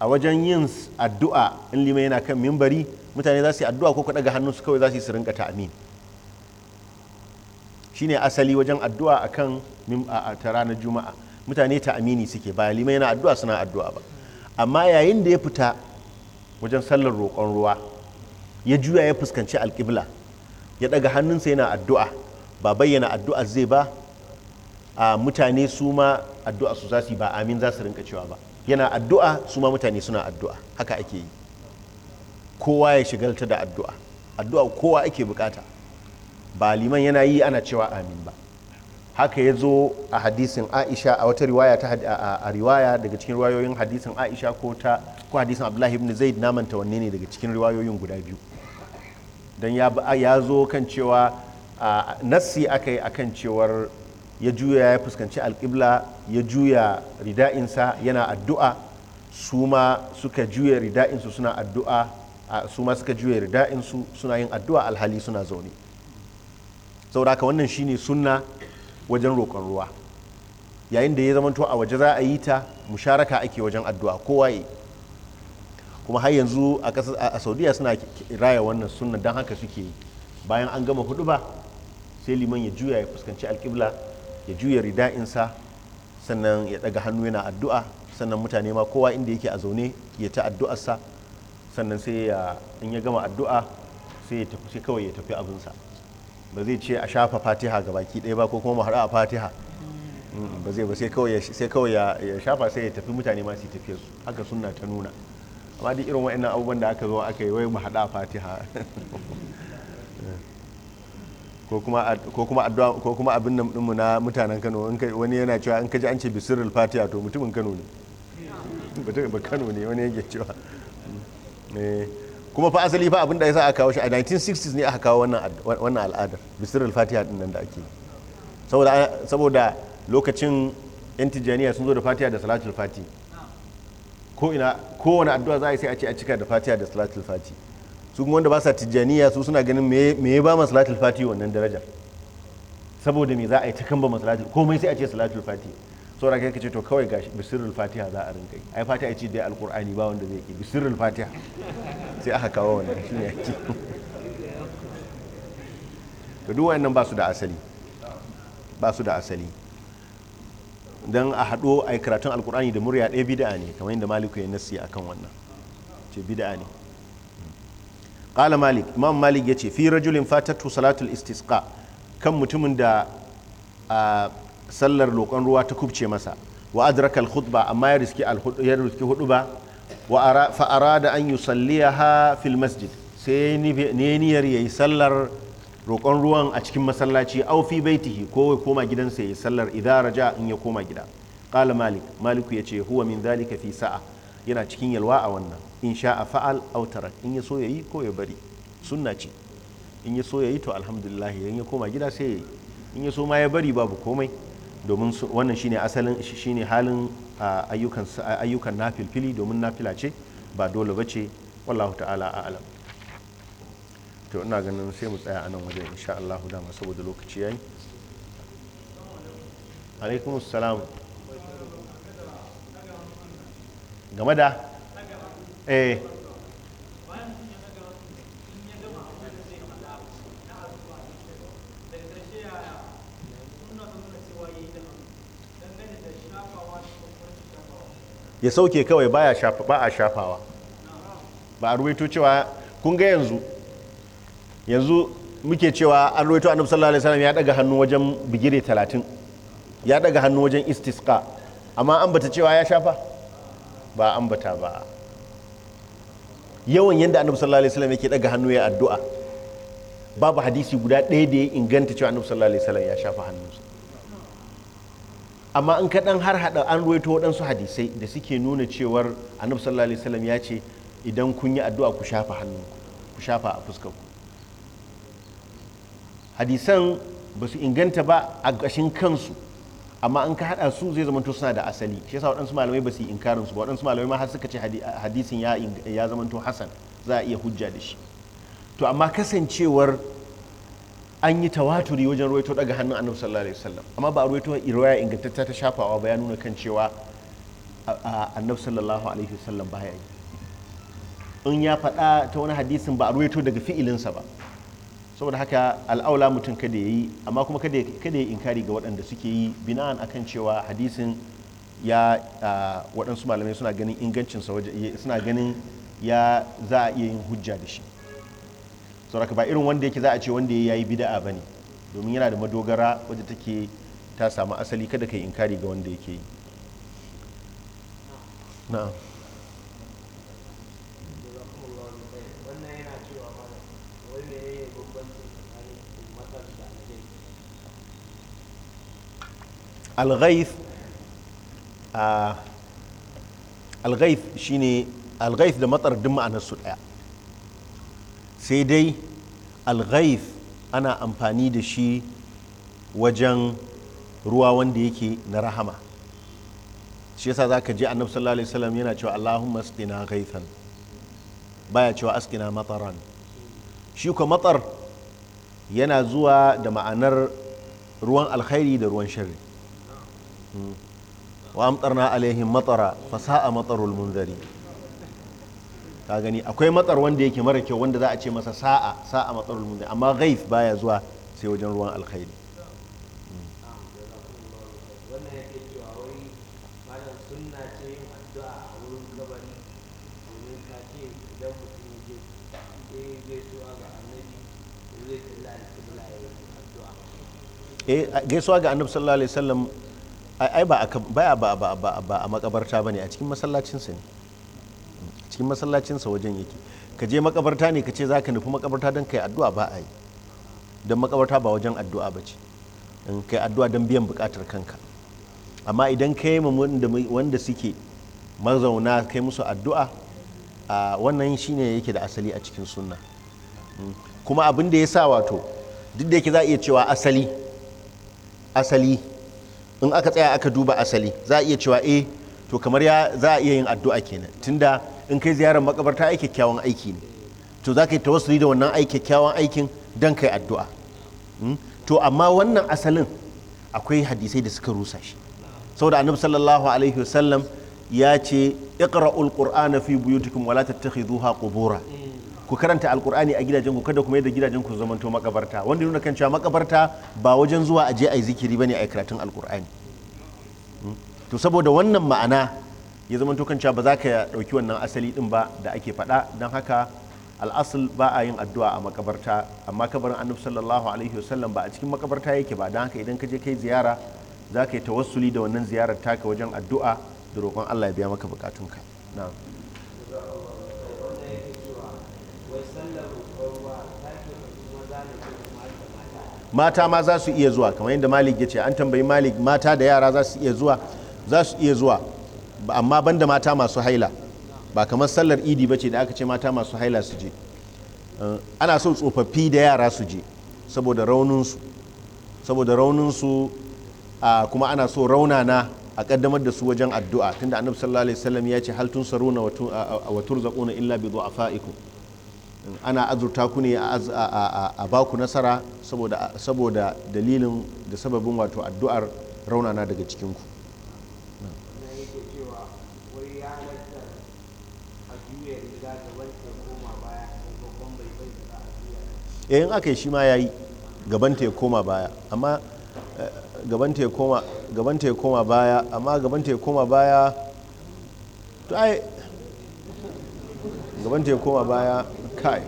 wajen yin addu'a in lima yana kan mimbari mutane za su yi addu'a ko ka ɗaga hannunsu kawai za su yi su rinka shi ne asali wajen addu'a a kan ta ranar juma'a mutane ta amini suke ba limai yana addu'a suna addu'a ba amma yayin da ya fita wajen sallar roƙon ruwa ya juya ya fuskanci alƙibla ya ɗaga hannunsa yana addu'a ba bayyana addu'a zai ba a mutane su ma addu'a su za su yi ba amin za su rinka cewa ba yana addu'a su ma mutane suna addu'a haka ake yi kowa ya shigalta da addu'a addu'a kowa ake bukata ba liman yana yi ana cewa amin ba haka ya zo a hadisin aisha a wata riwaya ta a riwaya daga cikin riwayoyin hadisin aisha ko ta ko hadisin abdullahi ibn zaid na manta wanne ne daga cikin riwayoyin guda biyu don ya zo kan cewa nassi aka yi akan cewar ya juya ya fuskanci alƙibla ya juya rida'insa yana addu'a su ma suka juya rida'insu suna yin addu'a alhali suna zaune saboda ka wannan shine sunna wajen roƙon ruwa yayin da ya zamanto a waje za a yi ta musharaka ake wajen addu'a kowa kuma har yanzu a saudiya suna raya wannan sunna don haka suke yi bayan an gama hudu ba sai liman ya juya ya fuskanci alkibla ya juya rida'insa sannan ya daga hannu yana addu'a sannan mutane ma kowa inda yake a zaune ya ta addu'arsa sannan sai ya in ya gama addu'a sai ya tafi kawai ya tafi abinsa ba zai ce a shafa fatiha ga baki ɗaya ba ko kuma mu haɗu a fatiha mm, ba zai ba sai kawai ya shafa sai ya tafi mutane ma su tafiya su haka sunna ta nuna amma duk irin wa'annan abubuwan da aka zo aka yi wai mu haɗa fatiha ko kuma abin nan ɗinmu na mutanen kano wani yana cewa in kaji an ce bisirul fatiha to mutumin kano ne ba kano ne wani yake cewa eh, kuma fa asali fa abin da ya sa aka kawo shi a 1960s ne aka kawo wannan al'adar bisirul fatiha din nan da ake saboda lokacin yan tijjaniya sun zo da fatiha da salatul fatiha kowane addu'a za a yi sai a ce a cika da fatiha da salatul fati su kuma wanda ba sa tijjaniya su suna ganin me ya ba masalatul fati wannan darajar saboda me za a yi ta kamba masalatul komai sai a ce salatul fati saboda kai kace to kawai gashi bisirul fatiha za a rinka yi ai fatiha ce dai alqur'ani ba wanda zai yi bisirul fatiha sai aka kawo wannan shine yake to duk wannan ba su da asali ba su da asali don a haɗo a karatun alkur'ani da murya ɗaya bida'a ne kamar yadda maliku ya nasi a kan wannan ce bida'a ne ƙala malik imam malik ya ce fi rajulin fatatu salatul istisqa kan mutumin da a sallar loƙon ruwa ta kubce masa wa adraka al-khutba amma ya riski ya riski huduba wa fa arada an yusalliha fil masjid sai ne niyyar yayi sallar roƙon ruwan a cikin masallaci aufi bai baitihi ko ya koma gidansa ya sallar idza in ya koma gida qala malik ya yace huwa min zalika fi sa'a yana cikin yalwa a wannan in sha'a fa'al au tarak in ya so yayi ko ya bari sunna ce in ya so yayi to alhamdulillah in ya koma gida sai yayi in ya so ma ya bari babu komai domin wannan shine asalin shine halin ayyukan ayyukan nafilfili domin nafila ce ba dole bace wallahu ta'ala a'lam to ina ganin sai mu tsaya a nan wajen insha Allah dama saboda lokaci yayi alaikum salam game da eh ya sauke kawai ba a shafawa ba a ruwaito cewa kun ga yanzu yanzu muke cewa an roito annabi sallallahu alaihi wasallam ya daga hannu wajen bigire 30 ya daga hannu wajen istisqa amma an bata cewa ya shafa ba an bata ba yawan yadda annabi sallallahu alaihi wasallam yake daga hannu ya addu'a babu hadisi guda ɗaya da ya inganta cewa annabi sallallahu alaihi wasallam ya shafa hannunsa amma in kaɗan har haɗa an ruwaito waɗansu hadisai da suke nuna cewar annabi sallallahu alaihi wasallam ya ce idan kun yi addu'a ku shafa hannunku ku shafa a fuskarku. hadisan ba su inganta ba a gashin kansu amma an ka hada su zai zamanto suna da asali shi yasa waɗansu malamai ba su yi inkarin su waɗansu malamai ma har suka ce hadisin ya ya zamanto hasan za a iya hujja da shi to amma kasancewar an yi tawaturi wajen ruwaito daga hannun annabi sallallahu alaihi wasallam amma ba a ruwaito riwaya ingantatta ta shafawa ba ya nuna kan cewa annabi sallallahu alaihi wasallam ya yi in ya faɗa ta wani hadisin ba a ruwaito daga fi'ilinsa ba saboda haka al'aula mutum kada ya yi amma kuma kada ya inkari ga waɗanda suke yi bina'an akan cewa hadisin ya waɗansu malamai suna ganin ingancinsa suna ganin ya za a iya yin hujja da shi sauraka ba irin wanda yake za a ce wanda ya yi bida'a ba ne domin yana da madogara wadda take ta samu asali kada ka yi inkari ga wanda yake yi na'am alghaith uh, alghaith shine alghaith da matsar duk ma'anarsu ɗaya sai dai alghaith ana amfani da shi wajen ruwa wanda yake na rahama shi yasa za ka je annabi sallallahu alaihi wasallam yana cewa allahumma asqina ghaithan baya cewa asqina mataran shi ko matsar yana zuwa da ma'anar ruwan alkhairi da ruwan sharri wa amtarna alaihim matsara fasa'a matsarul munzari ka gani akwai matsar wanda yake mara kyau wanda za a ce masa sa'a sa'a matsarul munzari amma ghaif baya zuwa sai wajen ruwan alkhairi eh, gaisuwa ga annabi sallallahu alaihi wasallam ai ba ba ba ba ba a makabarta bane a cikin masallacinsa ne cikin masallacinsa wajen yake ka je makabarta ne ka ce za ka nufi makabarta don kai addu'a ba a yi don makabarta ba wajen addu'a ba ce in kai addu'a don biyan bukatar kanka amma idan ka yi wanda suke mazauna kai musu addu'a a wannan shine yake da asali a cikin sunna kuma abin da ya sa wato duk da yake za a iya cewa asali asali in aka tsaya aka duba asali za a iya cewa eh to kamar ya za a iya yin addu'a kenan tunda in kai ziyarar makabarta ai kyakkyawan aiki ne to za ka yi tawassuli da wannan ai kyakkyawan aikin dan kai addu'a hmm? to amma wannan asalin akwai hadisai da suka rusa shi saboda annabi sallallahu alaihi wasallam ya ce iqra'ul qur'ana fi buyutikum wa la tattakhidhuha qubura hmm. ku karanta alkur'ani a gidajen ku kada kuma yadda gidajen ku zamanto makabarta wanda nuna kan cewa makabarta ba wajen zuwa a a yi zikiri bane a karatun alkur'ani hmm? to saboda wannan ma'ana ya zamanto kan cewa ba za ka dauki wannan asali din ba da ake faɗa don haka al'asul ba a yin addu'a a makabarta amma kabarin annabi sallallahu alaihi wasallam ba a cikin makabarta yake ba don haka idan ka je kai ziyara za ka yi tawassuli da wannan ziyarar taka wajen addu'a da roƙon Allah ya biya maka bukatunka na'am mata ma za su iya zuwa kamar yadda malik ya ce an tambayi malik mata da yara za su iya zuwa za su iya zuwa amma banda mata masu haila ba kamar sallar idi ba ce da aka ce mata masu haila su je eh, ana so tsofaffi da yara su je saboda rauninsu saboda rauninsu kuma ana so raunana a kaddamar da su wajen addu'a tunda annabi sallallahu alaihi wasallam ya ce hal saruna wa turzaquna illa bi du'afaikum ana azurta ku ne a baku nasara saboda dalilin da sababin wato addu'ar raunana daga cikinku yayin eh, aka yi shi ma ya yi gabanta ya koma baya amma eh, gabanta ya koma gabanta ya koma baya amma gabanta ya koma baya to ai gabanta ya koma baya kai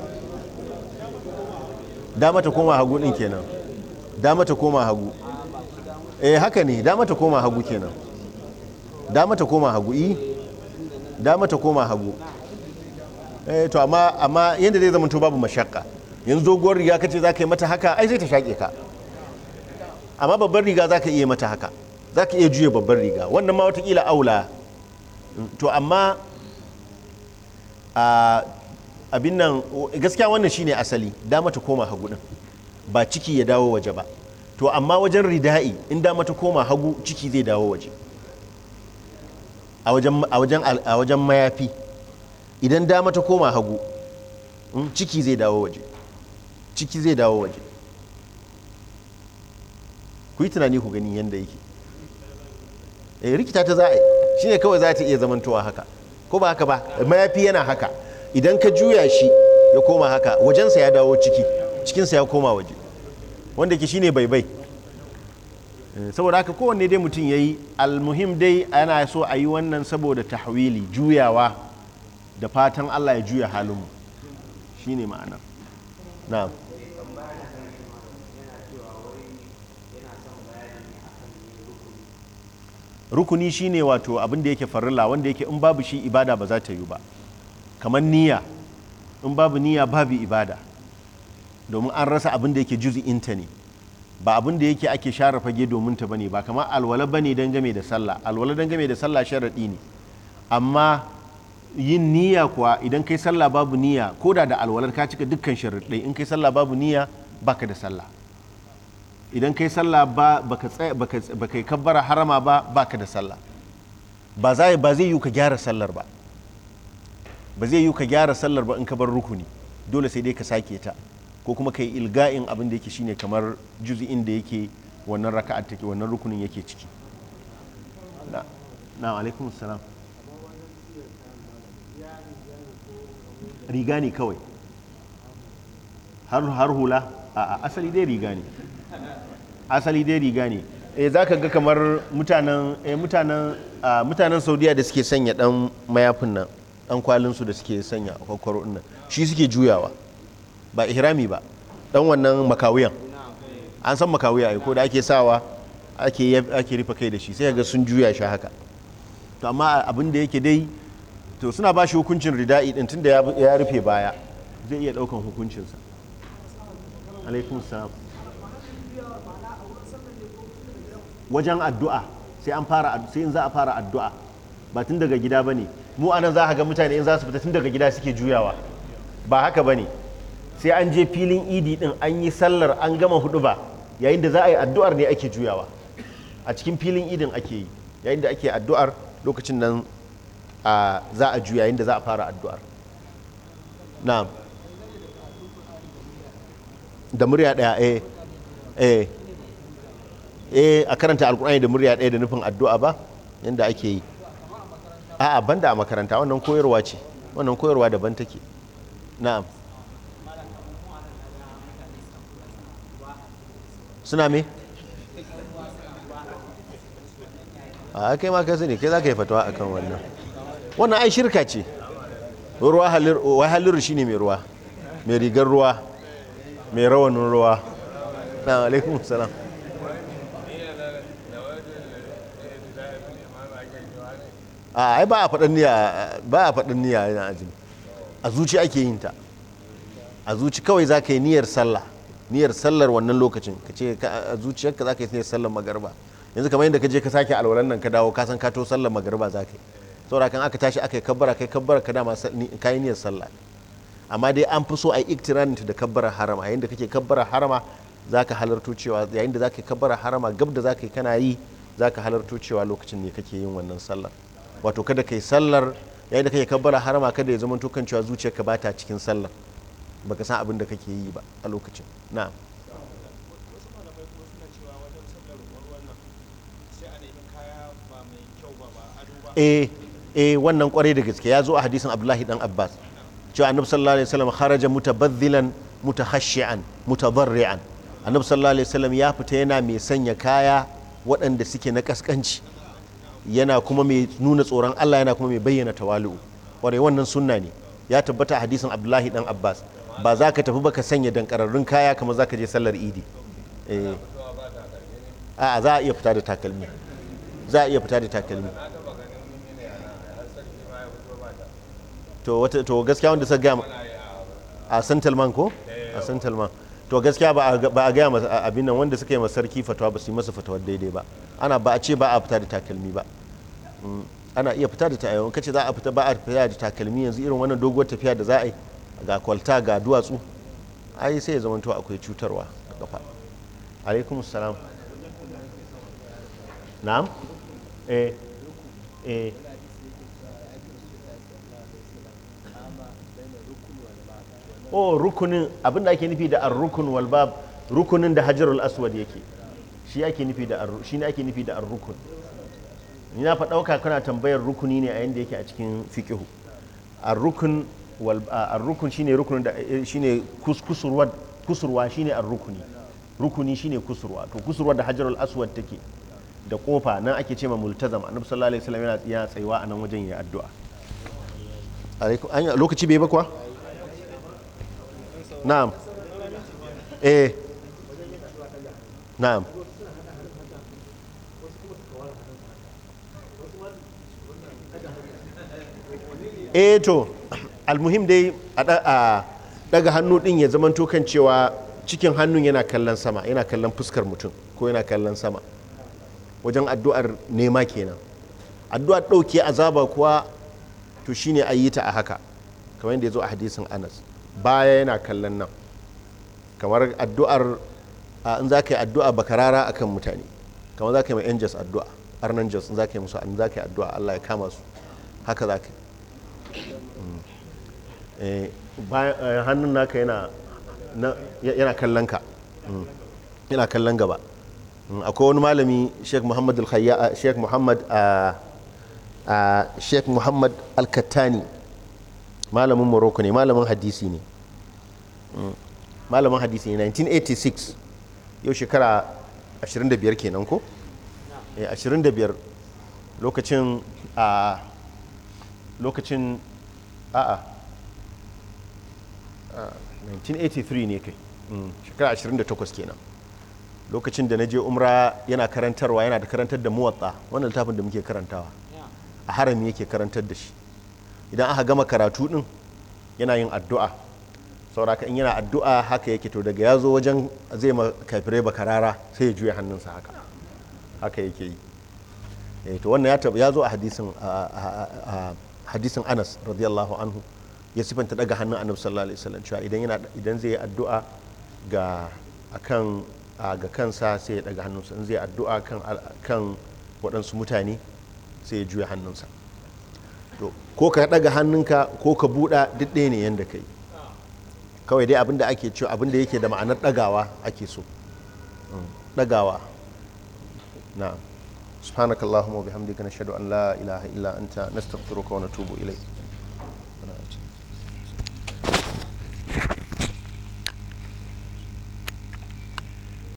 dama ta koma hagu din kenan dama ta koma hagu eh haka ne dama ta koma hagu kenan dama ta koma hagu i eh. dama ta koma hagu eh to amma amma yanda zai zama to babu mashakka yanzu doguwar riga kace zaka yi mata haka ai sai ta shaƙe ka amma babbar riga zaka iya mata haka Zaka iya juya babbar riga wannan ma watakila aula to amma a ah, abin nan gaskiya wannan shine asali dama ta koma hagu din ba ciki ya dawo waje ba to amma wajen rida'i in dama ta koma hagu ciki zai dawo waje a wajen mayafi idan dama ta koma hagu hmm, ciki zai dawo waje ciki zai dawo waje ku yi tunani ku gani yadda yake eh, rikita ta za a yi shine kawai za ta iya zamantowa haka ko ba haka ba mayafi yana haka idan ka juya shi ya koma haka wajensa ya dawo ciki cikinsa ya koma waje wanda ke shine baibai eh, saboda haka kowanne dai mutum ya yi almuhim dai ana so a yi wannan saboda tahwili juyawa da fatan allah ya juya halinmu shi ne ma'ana na'am rukuni shine wato abin da yake farilla wanda yake in babu shi ibada ba za ta yi ba kamar niyya in babu niyya babu ibada domin an rasa abin da yake inta ne ba abin da yake ake share fage domin ta bane ba kamar alwala bane game da sallah alwala game da sallah sharaɗi ne amma yin niyya kuwa idan kai sallah babu niyya ko da da alwalar ka cika dukkan sharaɗai in kai sallah babu niyya baka da sallah idan kai sallah ba baka baka kabbara harama ba baka da sallah ba zai ba zai yi ka gyara sallar ba ba zai yi ka gyara sallar ba in ka bar rukuni dole sai dai ka sake ta ko kuma ka yi ilga'in abin da yake shine kamar juzi'in da yake wannan raka'at take wannan rukunin yake ciki na alaikum salam riga ne kawai har hula a asali dai riga ne asali dai riga ne eh za ka ga kamar mutanen eh, ah, mutanen saudiya da suke sanya dan mayafin nan dan su da suke sanya a kwakwaro nan shi suke juyawa ba ihrami ba dan wannan makawiyan an san makawiya ko da ake sawa ake ake rufe kai da shi sai ga sun juya shi haka to amma abin da yake dai to suna ba shi hukuncin rida'i din tunda ya rufe baya zai iya daukan hukuncinsa alaikum salam wajen addu'a sai an fara sai in za a fara addu'a ba tun daga gida bane mu anan za ka ga mutane in za su fita tun daga gida suke juyawa ba haka ba ne sai an je filin idi din an yi sallar an gama hudu ba yayin da za a yi addu'ar ne ake juyawa a cikin filin idin ake yi yayin da ake addu'ar lokacin nan za a juya yayin da za a fara addu'ar na'am da murya daya eh eh eh a karanta alkur'ani da murya daya da nufin addu'a ba yanda ake yi a'a banda a makaranta wannan koyarwa ce wannan koyarwa daban take na'am suna me a kai ma kai sani kai za ka yi fatawa akan wannan wannan ai shirka ce ruwa haliru shine mai ruwa mai rigar ruwa mai rawanin ruwa na alaikun salam ai ba a faɗin niyya ba a faɗin niyya yana azumi a zuci ake yin ta a zuci kawai za ka yi niyyar sallah niyyar sallar wannan lokacin ka ce a zuciyarka za ka yi niyyar sallar magarba yanzu kamar yadda ka je ka sake alwalan nan ka dawo ka san ka to sallar magarba za ka yi saboda kan aka tashi aka yi kabbara kai kabbara ka dama ka yi niyyar sallah amma dai an fi so a yi iktiranin da kabbara harama yayin da kake kabbara harama za ka halarto cewa yayin da za ka yi kabbara harama gab da za ka yi kana yi za ka halarto cewa lokacin ne kake yin wannan sallar wato kada kai sallar yayin da kake kabbara harama kada ya zama tukan cewa zuciyarka ba ta cikin sallar baka san abin da kake yi ba a lokacin na'am eh eh wannan kwarai da gaske ya zo a hadisin Abdullahi dan Abbas cewa annabi sallallahu alaihi wasallam kharaja mutabaddilan mutahashian mutadarri'an annabi sallallahu alaihi wasallam ya fita yana mai sanya kaya waɗanda suke na kaskanci yana kuma mai nuna tsoron Allah yana kuma mai bayyana tawali'u kwarai wannan sunna ne ya tabbata hadisin Abdullahi dan Abbas ba za ka tafi ba ka sanya dankararrun kaya kamar za ka je sallar idi eh. a za a iya fita da takalmi za a iya fita da takalmi to gaskiya wanda sa gama a santalman ko a santalman to gaskiya ba a gaya abin nan wanda suka yi masarki fatawa ba su yi masa fatawa daidai ba ana ba a ce ba a fita da takalmi ba mm, ana iya fita da takalmi kace za a fita ba a fita da takalmi yanzu irin wannan doguwar tafiya da za a yi ga kwalta ga duwatsu ai sai ya to akwai cutarwa a kafa alaikum salam na'am eh eh oh rukunin abinda ake nufi da ar-rukun wal bab rukunin da hajarul aswad yake shi ake nufi da shi ne ake nufi da ar-rukun ni na fa dauka kana tambayar rukuni ne a yanda yake a cikin fiqh ar-rukun wal ar-rukun shine rukunin da eh, shine kusurwa kusurwa shine ar-rukuni rukuni shine kusurwa to kusurwa da hajarul aswad take da kofa nan ake cewa multazam annabi sallallahu alaihi wasallam yana ya tsayuwa a nan wajen ya addu'a alaikum an lokaci bai ba kuwa na'am eh na'am eh to almuhim dai a daga hannu din ya zama kan cewa cikin hannun yana kallon sama yana kallon fuskar mutum ko yana kallon sama wajen addu'ar nema kenan addu'ar ɗauke azaba kuwa to shine a yi ta a haka kamar yadda ya zo a hadisin anas baya yana kallon nan kamar addu'ar in za ka yi addu'a bakarara akan mutane kamar za ka yi ma jas addu'a arnan jas in za ka yi musu in za ka yi addu'a allah ya kama su haka za ka yi Eh, eh, hannun naka yana kallon ka mm. yana kallon gaba mm, akwai wani malami sheikh muhammad al-khayya ah, sheik muhammad ah, ah, sheik muhammad al-kattani malamin morocco ne malamin hadisi ne mm. malamin hadisi ne 1986 yau shekara 25 kenan ko 25 eh, lokacin a lokacin a'a 1983 ah, ne kai mm, shekara 28 kenan lokacin da na je umra yana karantarwa yana da karantar da muwatsa wannan littafin da muke karantawa a harami yake karantar da shi idan aka gama karatu din yana yin addu'a sauraka in yana addu'a haka yake to daga ya zo wajen zai ma baka bakarara sai ya juya hannunsa haka haka yake yi eh, to wannan ya zo a hadisin hadisin anas radiyallahu anhu ya sifanta daga hannun annabi sallallahu alaihi wasallam cewa idan yana idan zai addu'a ga akan ga kansa sai ya daga hannunsa in zai addu'a kan kan waɗansu mutane sai ya juya hannunsa to ko ka daga hannunka ko ka buɗa duk ɗaya ne yanda kai kawai dai abinda ake cewa abinda yake da ma'anar dagawa ake so dagawa hmm, na'am subhanakallahumma wa bihamdika nashhadu an la ilaha illa anta nastaghfiruka na tubu ilai.